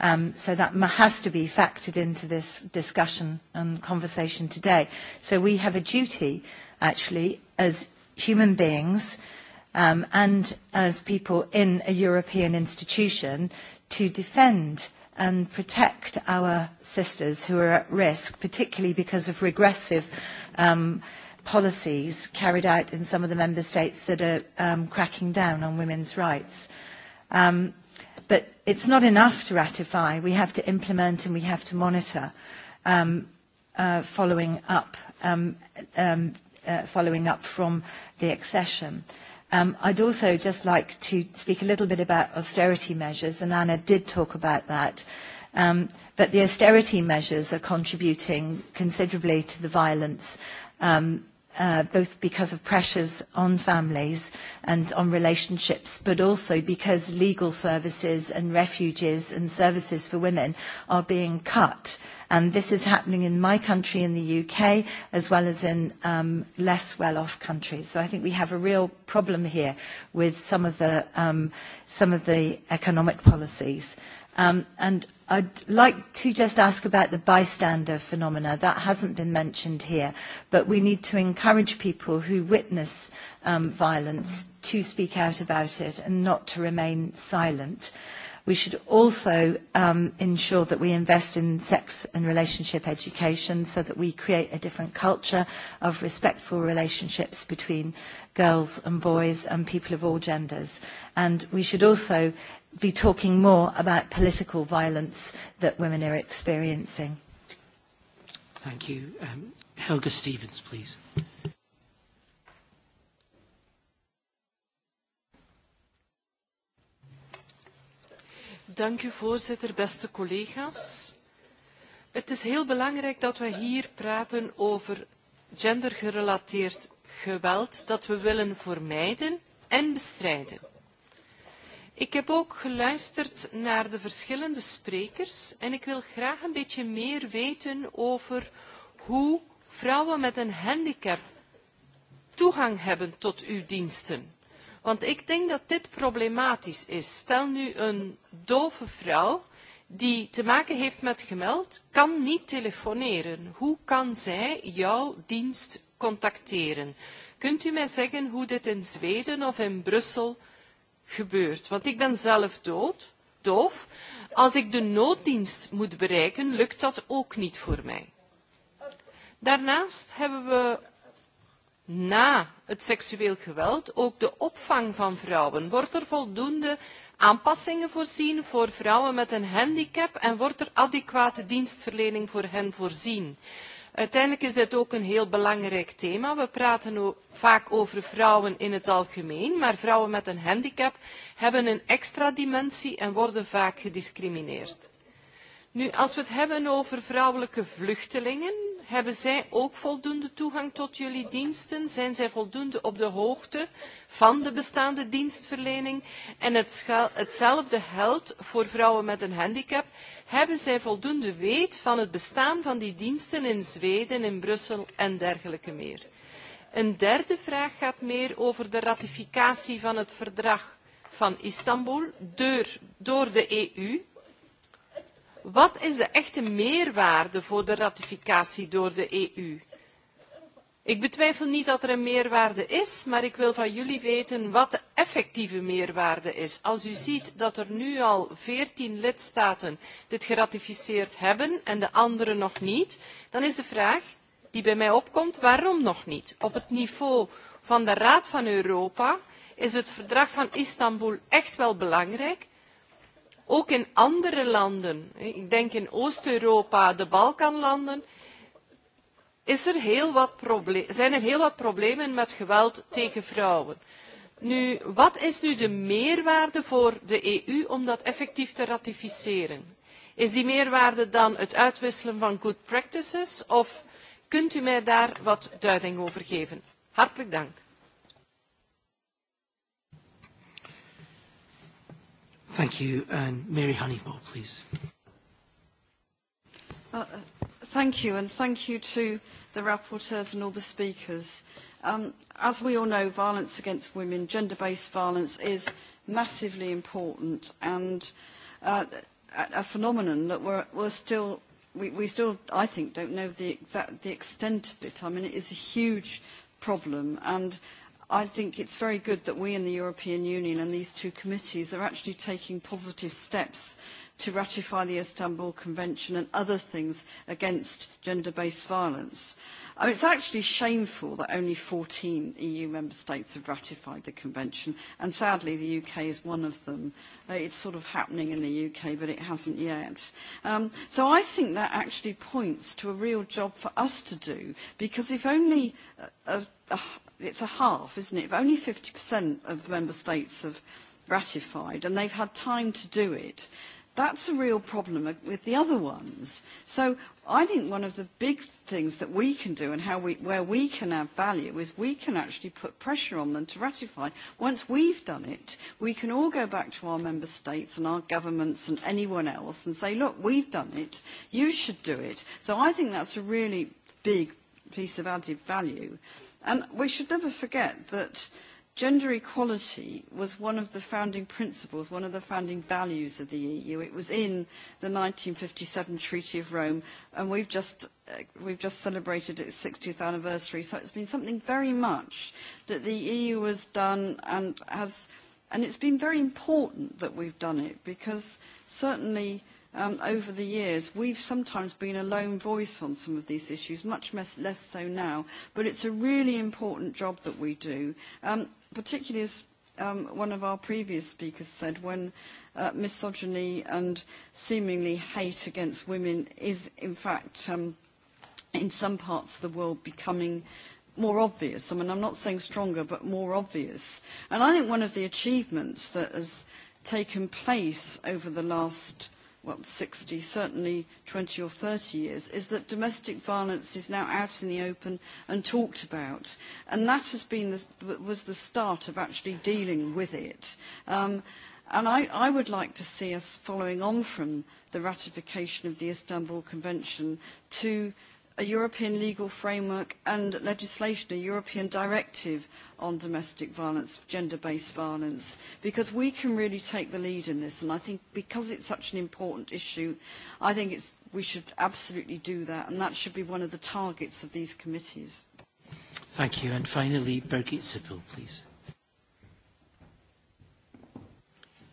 Um, so that has to be factored into this discussion and conversation today. So we have a duty, actually, as human beings, um, and as people in a European institution to defend and protect our sisters who are at risk, particularly because of regressive um, policies carried out in some of the member states that are um, cracking down on women's rights. Um, but it's not enough to ratify. We have to implement and we have to monitor um, uh, following up um, um, uh, following up from the accession. I'd also just like to speak a little bit about austerity measures, and Anna did talk about that. but the austerity measures are contributing considerably to the violence, both because of pressures on families and on relationships, but also because legal services and refuges and services for women are being cut. And this is happening in my country, in the UK, as well as in um, less well-off countries. So I think we have a real problem here with some of the, um, some of the economic policies. Um, and I'd like to just ask about the bystander phenomena. That hasn't been mentioned here, but we need to encourage people who witness um, violence to speak out about it and not to remain silent. We should also um, ensure that we invest in sex and relationship education so that we create a different culture of respectful relationships between girls and boys and people of all genders. And we should also be talking more about political violence that women are experiencing. Thank you. Um, Helga Stevens, please. Dank u voorzitter, beste collega's. Het is heel belangrijk dat we hier praten over gendergerelateerd geweld dat we willen vermijden en bestrijden. Ik heb ook geluisterd naar de verschillende sprekers en ik wil graag een beetje meer weten over hoe vrouwen met een handicap toegang hebben tot uw diensten. Want ik denk dat dit problematisch is. Stel nu een dove vrouw die te maken heeft met gemeld, kan niet telefoneren. Hoe kan zij jouw dienst contacteren? Kunt u mij zeggen hoe dit in Zweden of in Brussel gebeurt? Want ik ben zelf dood, doof. Als ik de nooddienst moet bereiken, lukt dat ook niet voor mij. Daarnaast hebben we na het seksueel geweld, ook de opvang van vrouwen. Wordt er voldoende aanpassingen voorzien voor vrouwen met een handicap en wordt er adequate dienstverlening voor hen voorzien? Uiteindelijk is dit ook een heel belangrijk thema. We praten vaak over vrouwen in het algemeen, maar vrouwen met een handicap hebben een extra dimensie en worden vaak gediscrimineerd. Nu, als we het hebben over vrouwelijke vluchtelingen, hebben zij ook voldoende toegang tot jullie diensten? Zijn zij voldoende op de hoogte van de bestaande dienstverlening? En hetzelfde geldt voor vrouwen met een handicap. Hebben zij voldoende weet van het bestaan van die diensten in Zweden, in Brussel en dergelijke meer? Een derde vraag gaat meer over de ratificatie van het verdrag van Istanbul door de EU Wat is de echte meerwaarde voor de ratificatie door de EU? Ik betwijfel niet dat er een meerwaarde is, maar ik wil van jullie weten wat de effectieve meerwaarde is. Als u ziet dat er nu al veertien lidstaten dit geratificeerd hebben en de anderen nog niet, dan is de vraag die bij mij opkomt, waarom nog niet? Op het niveau van de Raad van Europa is het verdrag van Istanbul echt wel belangrijk, ook in andere landen, ik denk in Oost-Europa, de Balkanlanden, is er heel wat zijn er heel wat problemen met geweld tegen vrouwen. Nu, wat is nu de meerwaarde voor de EU om dat effectief te ratificeren? Is die meerwaarde dan het uitwisselen van good practices of kunt u mij daar wat duiding over geven? Hartelijk dank. Thank you. And Mary Honeyball, please. Uh, thank you, and thank you to the rapporteurs and all the speakers. Um, as we all know, violence against women, gender-based violence, is massively important and uh, a phenomenon that we're, we're still, we, we still, I think, don't know the, exact, the extent of it. I mean, it is a huge problem, and I think it's very good that we in the European Union and these two committees are actually taking positive steps to ratify the Istanbul Convention and other things against gender-based violence. It is actually shameful that only fourteen EU member states have ratified the convention, and sadly the UK is one of them. It is sort of happening in the UK, but it hasn't yet. so I think that actually points to a real job for us to do, because if only a, it's a half, isn't it? If only 50% of the member states have ratified and they've had time to do it, that's a real problem with the other ones. So I think one of the big things that we can do and how we, where we can add value is we can actually put pressure on them to ratify. Once we've done it, we can all go back to our member states and our governments and anyone else and say, look, we've done it, you should do it. So I think that's a really big piece of added value. And we should never forget that gender equality was one of the founding principles, one of the founding values of the EU. It was in the fifty seven Treaty of Rome, and we've just, uh, we've just celebrated its 60th anniversary. So it's been something very much that the EU has done and has, and it's been very important that we've done it because certainly um, over the years, we've sometimes been a lone voice on some of these issues, much less, less so now. But it's a really important job that we do, um, particularly as um, one of our previous speakers said, when uh, misogyny and seemingly hate against women is, in fact, um, in some parts of the world becoming more obvious. I mean, I'm not saying stronger, but more obvious. And I think one of the achievements that has taken place over the last – well, 60, certainly 20 or 30 years, is that domestic violence is now out in the open and talked about. And that has been the, was the start of actually dealing with it. Um, and I, I would like to see us following on from the ratification of the Istanbul Convention to a European legal framework and legislation, a European directive on domestic violence, gender-based violence, because we can really take the lead in this. And I think because it's such an important issue, I think it's, we should absolutely do that, and that should be one of the targets of these committees. Thank you. And finally, Birgit Sippel, please.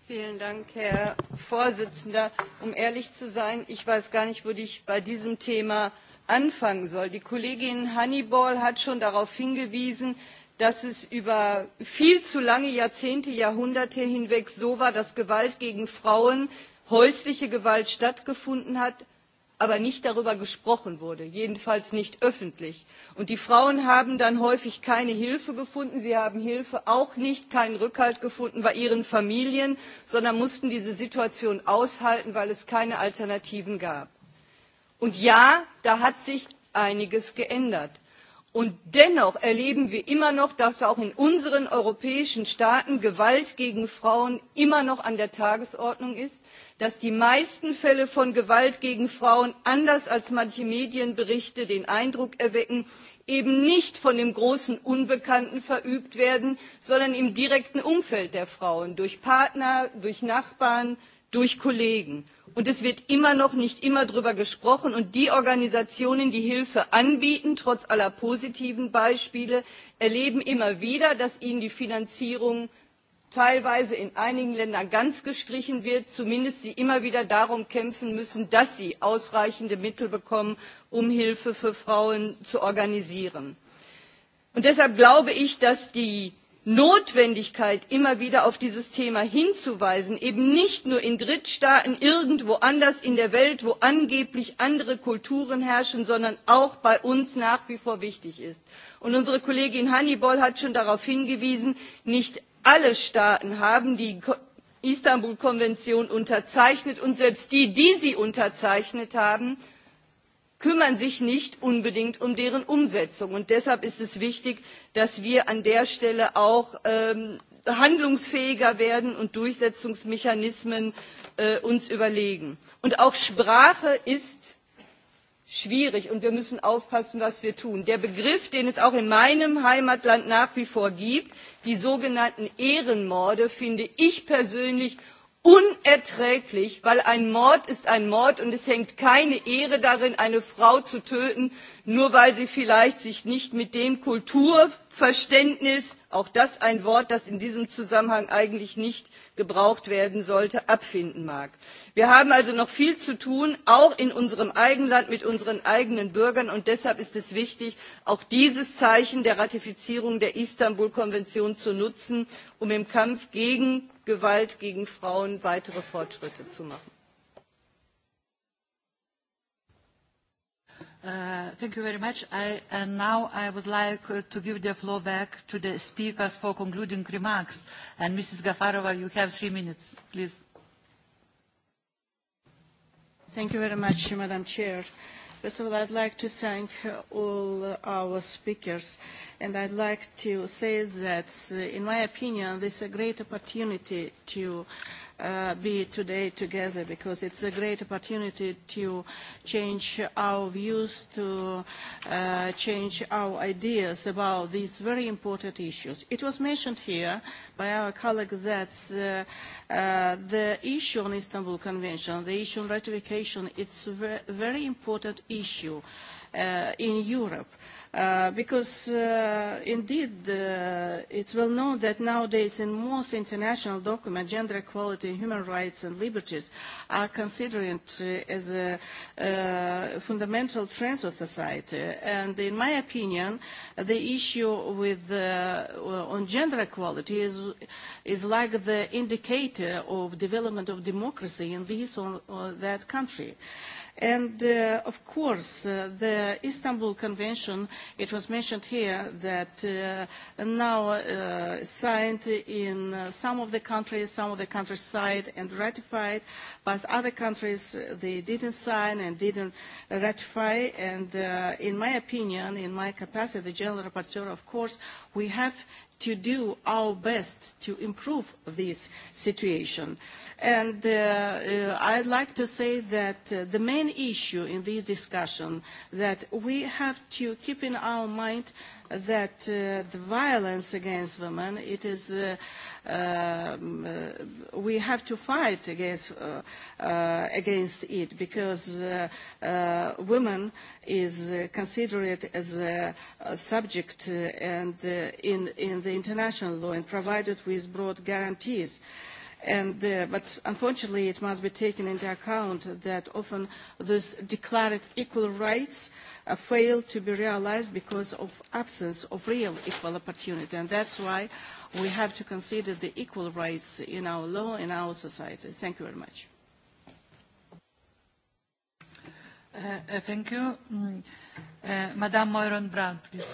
Vielen Dank, Herr Vorsitzender. Um ehrlich zu sein, ich weiß gar nicht, wo ich bei diesem Thema anfangen soll. die kollegin honeyball hat schon darauf hingewiesen dass es über viel zu lange jahrzehnte jahrhunderte hinweg so war dass gewalt gegen frauen häusliche gewalt stattgefunden hat aber nicht darüber gesprochen wurde jedenfalls nicht öffentlich. und die frauen haben dann häufig keine hilfe gefunden sie haben hilfe auch nicht keinen rückhalt gefunden bei ihren familien sondern mussten diese situation aushalten weil es keine alternativen gab Und ja, da hat sich einiges geändert. Und dennoch erleben wir immer noch, dass auch in unseren europäischen Staaten Gewalt gegen Frauen immer noch an der Tagesordnung ist, dass die meisten Fälle von Gewalt gegen Frauen, anders als manche Medienberichte den Eindruck erwecken, eben nicht von dem großen Unbekannten verübt werden, sondern im direkten Umfeld der Frauen, durch Partner, durch Nachbarn, durch Kollegen. Und es wird immer noch nicht immer darüber gesprochen. Und die Organisationen, die Hilfe anbieten, trotz aller positiven Beispiele, erleben immer wieder, dass ihnen die Finanzierung teilweise in einigen Ländern ganz gestrichen wird, zumindest sie immer wieder darum kämpfen müssen, dass sie ausreichende Mittel bekommen, um Hilfe für Frauen zu organisieren. deshalb glaube ich, dass die Notwendigkeit, immer wieder auf dieses Thema hinzuweisen, eben nicht nur in Drittstaaten irgendwo anders in der Welt, wo angeblich andere Kulturen herrschen, sondern auch bei uns nach wie vor wichtig ist. unsere Kollegin Hannibal hat schon darauf hingewiesen, nicht alle Staaten haben die Istanbul-Konvention unterzeichnet und selbst die, die sie unterzeichnet haben, kümmern sich nicht unbedingt um deren umsetzung. und deshalb ist es wichtig dass wir an der stelle auch handlungsfähiger werden und uns durchsetzungsmechanismen überlegen. und auch sprache ist schwierig und wir müssen aufpassen was wir tun. der begriff den es auch in meinem heimatland nach wie vor gibt die sogenannten ehrenmorde finde ich persönlich unerträglich weil ein mord ist ein mord und es hängt keine ehre darin, eine frau zu töten nur weil sie sich vielleicht nicht mit dem kulturverständnis auch das ein wort das in diesem zusammenhang eigentlich nicht gebraucht werden sollte abfinden mag. wir haben also noch viel zu tun auch in unserem eigenen land mit unseren eigenen bürgern und deshalb ist es wichtig auch dieses zeichen der ratifizierung der istanbul konvention zu nutzen um im kampf gegen Gewalt gegen Frauen weitere Fortschritte zu machen. thank you very much. I, and now I would like uh, to give the floor back to the speakers for concluding remarks. And Mrs. Gafarova, you have three minutes, please. Thank you very much, Madam Chair. Uh, First of all, I'd like to thank all our speakers, and I'd like to say that, in my opinion, this is a great opportunity to uh, uh, be today together because it's a great opportunity to change our views, to uh, change our ideas about these very important issues. It was mentioned here by our colleague that uh, uh, the issue on Istanbul Convention, the issue on ratification, it's a very important issue uh, in Europe. Uh, because uh, indeed uh, it's well known that nowadays in most international documents gender equality human rights and liberties are considered uh, as a uh, fundamental trends of society and in my opinion the issue with uh, on gender equality is is like the indicator of development of democracy in this or, or that country And uh, of course, uh, the Istanbul Convention, it was mentioned here that uh, now uh, signed in some of the countries, some of the countries signed and ratified, but other countries, they didn't sign and didn't ratify. And uh, in my opinion, in my capacity, General Rapporteur, of course, we have to do our best to improve this situation. And uh, uh, I'd like to say that uh, the main issue in this discussion that we have to keep in our mind that uh, the violence against women, it is uh, uh we have to fight against uh, uh, against it because uh, uh, women is considered as a, a subject uh, and uh, in in the international law and provided with broad guarantees. And, uh, but unfortunately, it must be taken into account that often those declared equal rights uh, fail to be realized because of absence of real equal opportunity. And that's why we have to consider the equal rights in our law, in our society. Thank you very much. Uh, uh, thank you. Mm. Uh, Madame Moiron Brown, please.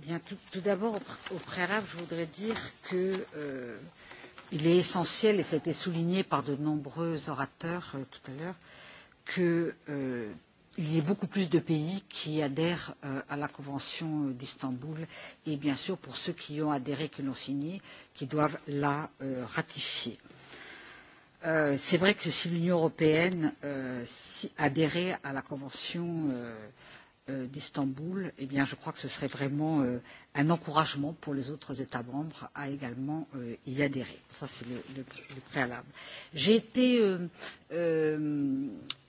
Bien, tout, tout d'abord, au préalable, je voudrais dire que euh, il est essentiel, et ça a été souligné par de nombreux orateurs euh, tout à l'heure, que euh, il y ait beaucoup plus de pays qui adhèrent à la Convention d'Istanbul et bien sûr pour ceux qui y ont adhéré, qui l'ont signée, qui doivent la ratifier. C'est vrai que si l'Union européenne adhérait à la Convention d'Istanbul, eh bien je crois que ce serait vraiment un encouragement pour les autres États membres à également y adhérer. Ça, c'est le, préalable. J'ai été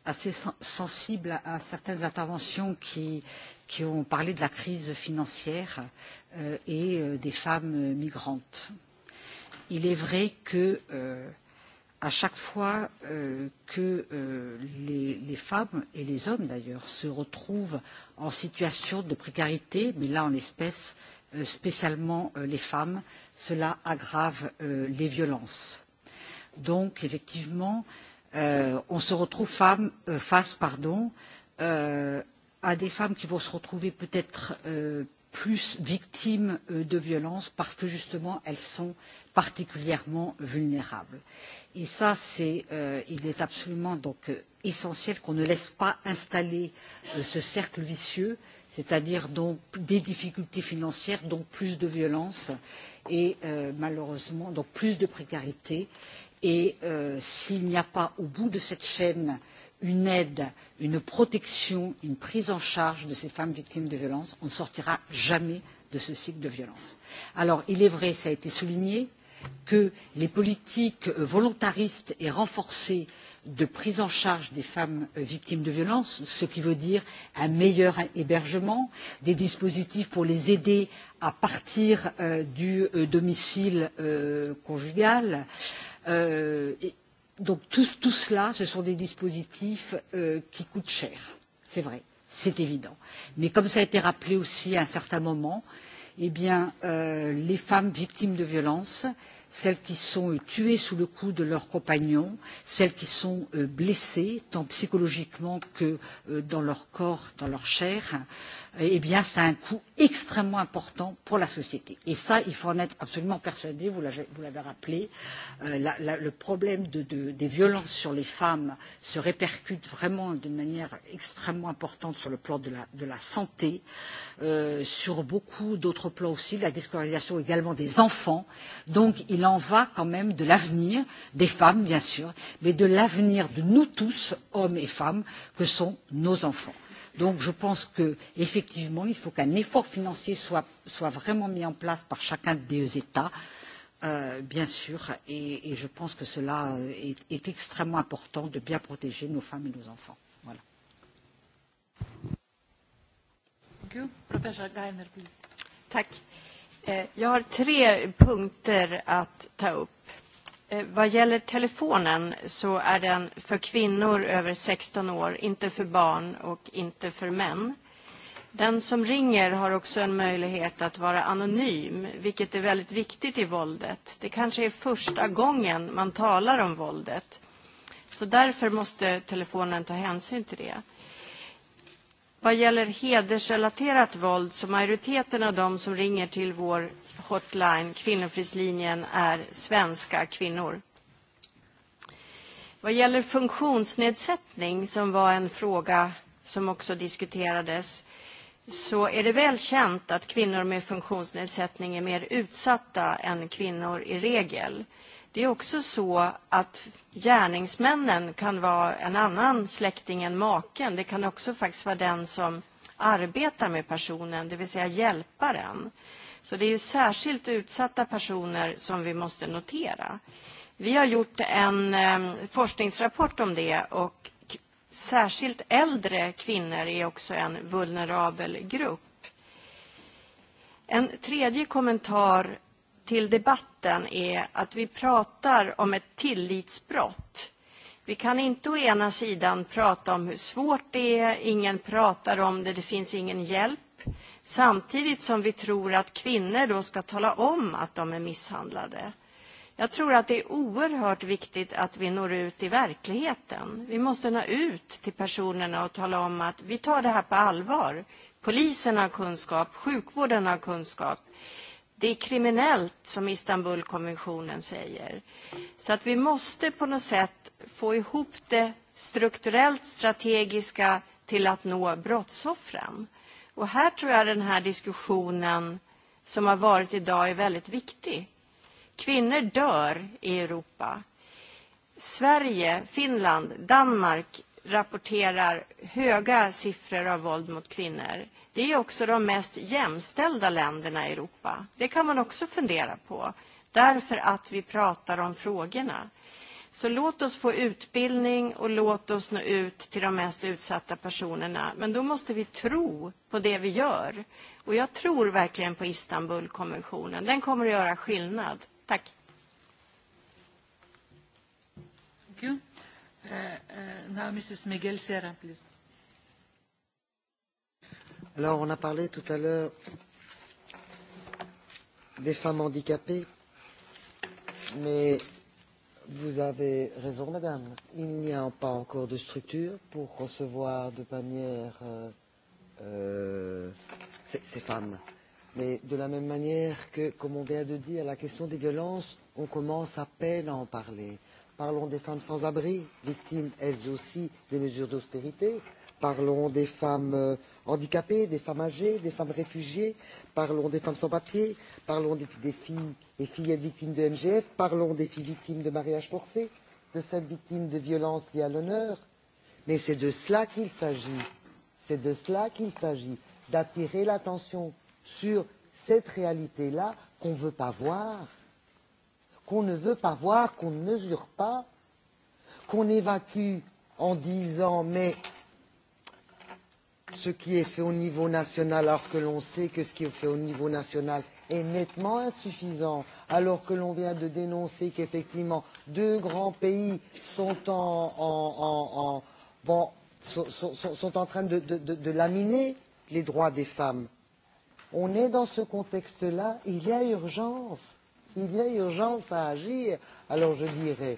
assez sensible à certaines interventions qui, qui ont parlé de la crise financière euh, et des femmes migrantes. Il est vrai que euh, à chaque fois euh, que euh, les, les femmes et les hommes d'ailleurs se retrouvent en situation de précarité, mais là en l'espèce euh, spécialement euh, les femmes, cela aggrave euh, les violences. Donc effectivement, euh, on se retrouve face à des femmes qui vont se retrouver peut-être plus victimes de violences parce que justement elles sont particulièrement vulnérables. Et ça, c'est, il est absolument donc essentiel qu'on ne laisse pas installer ce cercle vicieux, c'est-à-dire donc des difficultés financières, donc plus de violence et malheureusement donc plus de précarité Et s'il n'y a pas au bout de cette chaîne une aide, une protection, une prise en charge de ces femmes victimes de violences, on ne sortira jamais de ce cycle de violence. Alors, il est vrai, cela a été souligné, que les politiques volontaristes et renforcées de prise en charge des femmes victimes de violences, ce qui veut dire un meilleur hébergement, des dispositifs pour les aider à partir du domicile conjugal, euh, donc tout, cela, ce sont des dispositifs qui coûtent cher, c'est vrai, c'est évident. Mais comme cela a été rappelé aussi à un certain moment, les femmes victimes de violences, celles qui sont tuées sous le coup de leurs compagnons, celles qui sont blessées tant psychologiquement que dans leur corps, dans leur chair, eh bien, ça a un coût extrêmement important pour la société. Et ça, il faut en être absolument persuadé, vous l'avez rappelé, le problème des violences sur les femmes se répercute vraiment d'une manière extrêmement importante sur le plan de la, santé, sur beaucoup d'autres plans aussi, la déscolarisation également des enfants. Donc, il en va quand même de l'avenir des femmes, bien sûr, mais de l'avenir de nous tous, hommes et femmes, que sont nos enfants donc je pense qu'effectivement il faut qu'un effort financier soit, vraiment mis en place par chacun des États bien sûr, et, je pense que cela est, extrêmement important de bien protéger nos femmes et nos enfants. Voilà. Jag har tre punkter att ta upp. Vad gäller telefonen så är den för kvinnor över 16 år, inte för barn och inte för män. Den som ringer har också en möjlighet att vara anonym, vilket är väldigt viktigt i våldet. Det kanske är första gången man talar om våldet. Så därför måste telefonen ta hänsyn till det. Vad gäller hedersrelaterat våld så majoriteten av de som ringer till vår hotline kvinnofrislinjen, är svenska kvinnor. Vad gäller funktionsnedsättning, som var en fråga som också diskuterades, så är det väl känt att kvinnor med funktionsnedsättning är mer utsatta än kvinnor i regel. Det är också så att gärningsmännen kan vara en annan släkting än maken. Det kan också faktiskt vara den som arbetar med personen, det vill säga hjälparen. Så det är ju särskilt utsatta personer som vi måste notera. Vi har gjort en forskningsrapport om det och särskilt äldre kvinnor är också en vulnerabel grupp. En tredje kommentar till debatten är att vi pratar om ett tillitsbrott. Vi kan inte å ena sidan prata om hur svårt det är, ingen pratar om det, det finns ingen hjälp. Samtidigt som vi tror att kvinnor då ska tala om att de är misshandlade. Jag tror att det är oerhört viktigt att vi når ut i verkligheten. Vi måste nå ut till personerna och tala om att vi tar det här på allvar. Polisen har kunskap, sjukvården har kunskap, det är kriminellt som Istanbulkonventionen säger. Så att vi måste på något sätt få ihop det strukturellt strategiska till att nå brottsoffren. Och här tror jag den här diskussionen som har varit idag är väldigt viktig. Kvinnor dör i Europa. Sverige, Finland, Danmark rapporterar höga siffror av våld mot kvinnor. Det är också de mest jämställda länderna i Europa. Det kan man också fundera på, därför att vi pratar om frågorna. Så låt oss få utbildning och låt oss nå ut till de mest utsatta personerna. Men då måste vi tro på det vi gör. Och jag tror verkligen på Istanbulkonventionen. Den kommer att göra skillnad. Tack. Thank you. Uh, uh, now Mrs. Miguel Serra, please. Alors, on a parlé tout à l'heure des femmes handicapées, mais vous avez raison, madame. Il n'y a pas encore de structure pour recevoir de manière euh, euh, ces, ces femmes. Mais de la même manière que, comme on vient de dire, la question des violences, on commence à peine à en parler. Parlons des femmes sans abri, victimes elles aussi des mesures d'austérité. Parlons des femmes handicapées, des femmes âgées, des femmes réfugiées, parlons des femmes sans papier, parlons des, des filles et filles victimes de MGF, parlons des filles victimes de mariage forcé, de celles victimes de violences liées à l'honneur. Mais c'est de cela qu'il s'agit. C'est de cela qu'il s'agit, d'attirer l'attention sur cette réalité-là qu'on ne veut pas voir, qu'on ne veut pas voir, qu'on ne mesure pas, qu'on évacue en disant mais ce qui est fait au niveau national, alors que l'on sait que ce qui est fait au niveau national est nettement insuffisant, alors que l'on vient de dénoncer qu'effectivement deux grands pays sont en, en, en, en, bon, sont, sont, sont en train de, de, de, de laminer les droits des femmes. On est dans ce contexte-là, il y a urgence, il y a urgence à agir. Alors je dirais,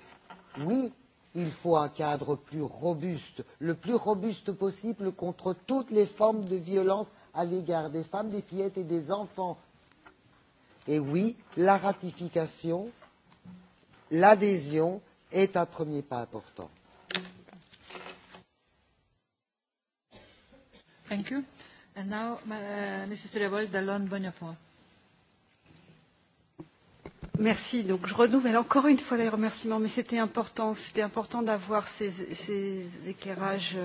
oui, Il faut un cadre plus robuste, le plus robuste possible contre toutes les formes de violence à l'égard des femmes, des fillettes et des enfants. Et oui, la ratification, l'adhésion est un premier pas important. Thank you. And now, uh, Mrs. Revolt, Merci. Donc je renouvelle encore une fois les remerciements, mais c'était important. C'était important d'avoir ces, ces éclairages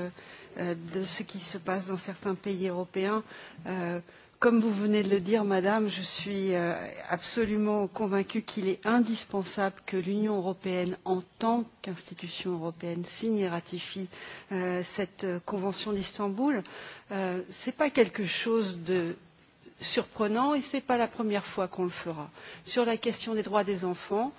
euh, de ce qui se passe dans certains pays européens. Euh, comme vous venez de le dire, Madame, je suis euh, absolument convaincue qu'il est indispensable que l'Union européenne, en tant qu'institution européenne, signe et ratifie euh, cette Convention d'Istanbul. Euh, Ce n'est pas quelque chose de surprenant et ce n'est pas la première fois qu'on le fera. Sur la question des droits des enfants,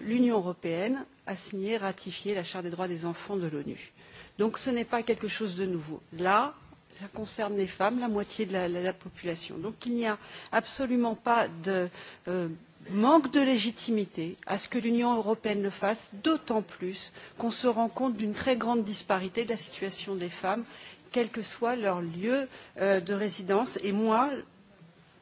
l'Union européenne a signé et ratifié la Charte des droits des enfants de l'ONU. Donc ce n'est pas quelque chose de nouveau. Là, ça concerne les femmes, la moitié de la, la, la population. Donc il n'y a absolument pas de euh, manque de légitimité à ce que l'Union européenne le fasse, d'autant plus qu'on se rend compte d'une très grande disparité de la situation des femmes quel que soit leur lieu de résidence. Et moi,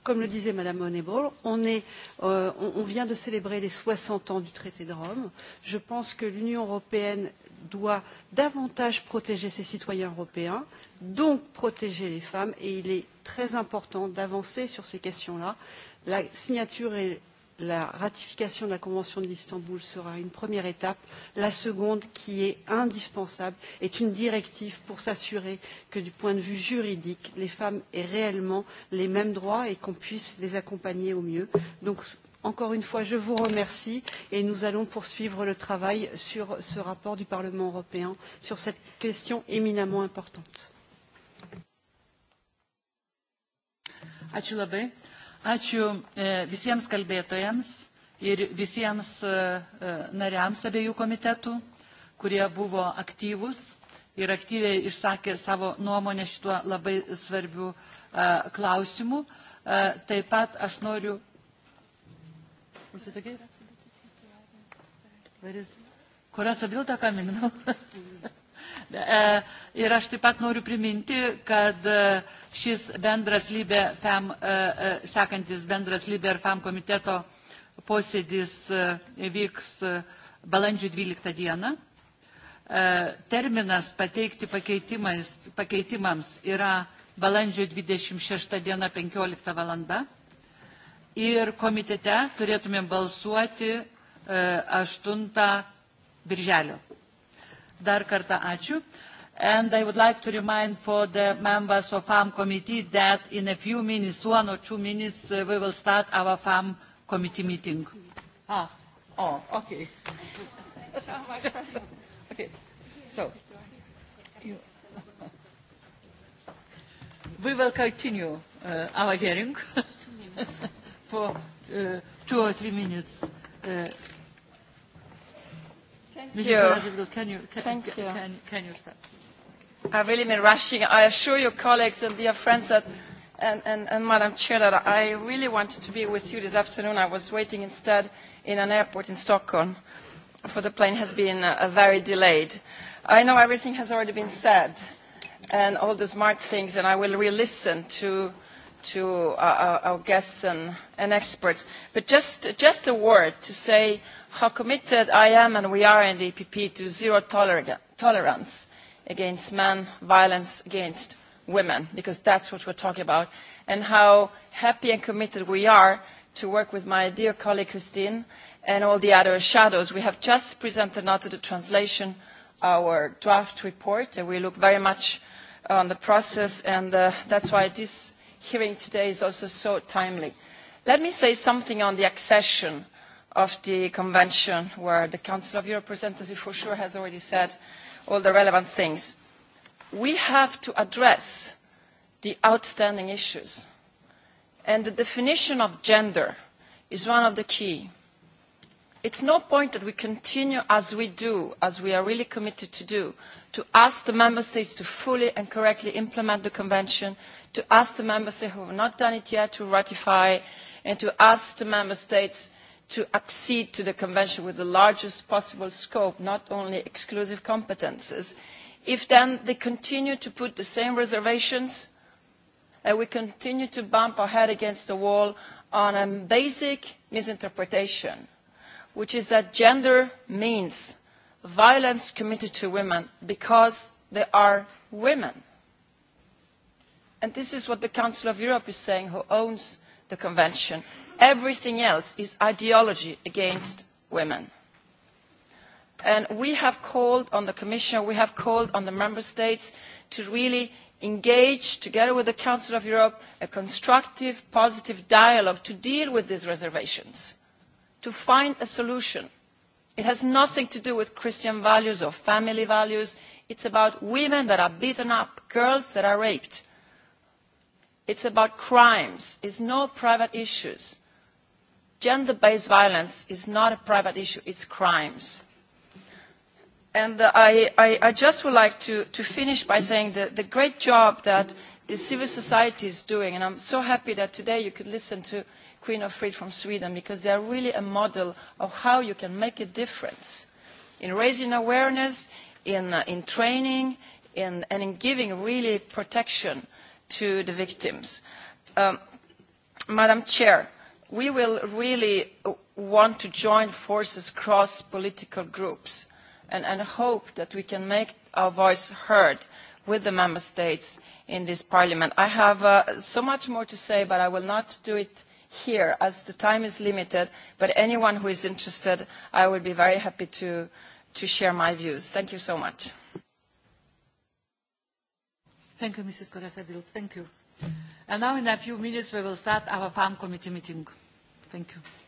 comme le disait Madame Honeyball, on, est, euh, on, on vient de célébrer les 60 ans du traité de Rome. Je pense que l'Union européenne doit davantage protéger ses citoyens européens, donc protéger les femmes, et il est très important d'avancer sur ces questions-là. La signature est la ratification de la Convention de l'Istanbul sera une première étape. La seconde, qui est indispensable, est une directive pour s'assurer que, du point de vue juridique, les femmes aient réellement les mêmes droits et qu'on puisse les accompagner au mieux. Donc, encore une fois, je vous remercie et nous allons poursuivre le travail sur ce rapport du Parlement européen sur cette question éminemment importante. Ačiū labai. Ačiū visiems kalbėtojams ir visiems nariams abiejų komitetų, kurie buvo aktyvus ir aktyviai išsakė savo nuomonę šituo labai svarbiu klausimu. Taip pat aš noriu. Coraça Bilda Caminho. Ir aš taip pat noriu priminti, kad šis bendras lybė FEM, sekantis bendras lybė ir FEM komiteto posėdis vyks balandžio 12 dieną. Terminas pateikti pakeitimams yra balandžio 26 diena 15 valanda. Ir komitete turėtumėm balsuoti 8 birželio. Dar kartą ačiū. And I would like to remind for the members of FAM committee that in a few minutes, one or two minutes, uh, we will start our FAM committee meeting. Ah, oh, okay. okay. So, you we will continue uh, our hearing for uh, two or three minutes. Uh, Thank you. Can you, can, Thank you. Can, can you start? I've really been rushing. I assure your colleagues and dear friends that, and, and, and Madam Chair that I really wanted to be with you this afternoon. I was waiting instead in an airport in Stockholm, for the plane has been uh, very delayed. I know everything has already been said, and all the smart things, and I will re-listen to to our, our guests and, and experts. But just, just a word to say how committed I am and we are in the EPP to zero tolerance against men, violence against women, because that's what we're talking about, and how happy and committed we are to work with my dear colleague Christine and all the other shadows. We have just presented now to the translation our draft report, and we look very much on the process, and uh, that's why this hearing today is also so timely. Let me say something on the accession of the convention, where the Council of Europe representative for sure has already said all the relevant things. We have to address the outstanding issues. And the definition of gender is one of the key. It is no point that we continue as we do, as we are really committed to do, to ask the member states to fully and correctly implement the convention, to ask the member states who have not done it yet to ratify, and to ask the member states to accede to the convention with the largest possible scope, not only exclusive competences. If then they continue to put the same reservations, and we continue to bump our head against the wall on a basic misinterpretation, which is that gender means violence committed to women because they are women. And this is what the Council of Europe is saying, who owns the convention. Everything else is ideology against women. And we have called on the Commission, we have called on the Member States to really engage together with the Council of Europe a constructive, positive dialogue to deal with these reservations, to find a solution It has nothing to do with Christian values or family values. It's about women that are beaten up, girls that are raped. It's about crimes. It's no private issues. Gender-based violence is not a private issue. It's crimes. And I, I, I just would like to, to finish by saying that the great job that the civil society is doing, and I'm so happy that today you could listen to Queen of Freed from Sweden because they are really a model of how you can make a difference in raising awareness, in, uh, in training, in, and in giving really protection to the victims. Um, Madam Chair, we will really want to join forces across political groups and, and hope that we can make our voice heard with the member states in this parliament. I have uh, so much more to say, but I will not do it here as the time is limited, but anyone who is interested, I would be very happy to, to share my views. Thank you so much. Thank you, Mrs. Korasabilut. Thank you. And now in a few minutes we will start our Farm Committee meeting. Thank you.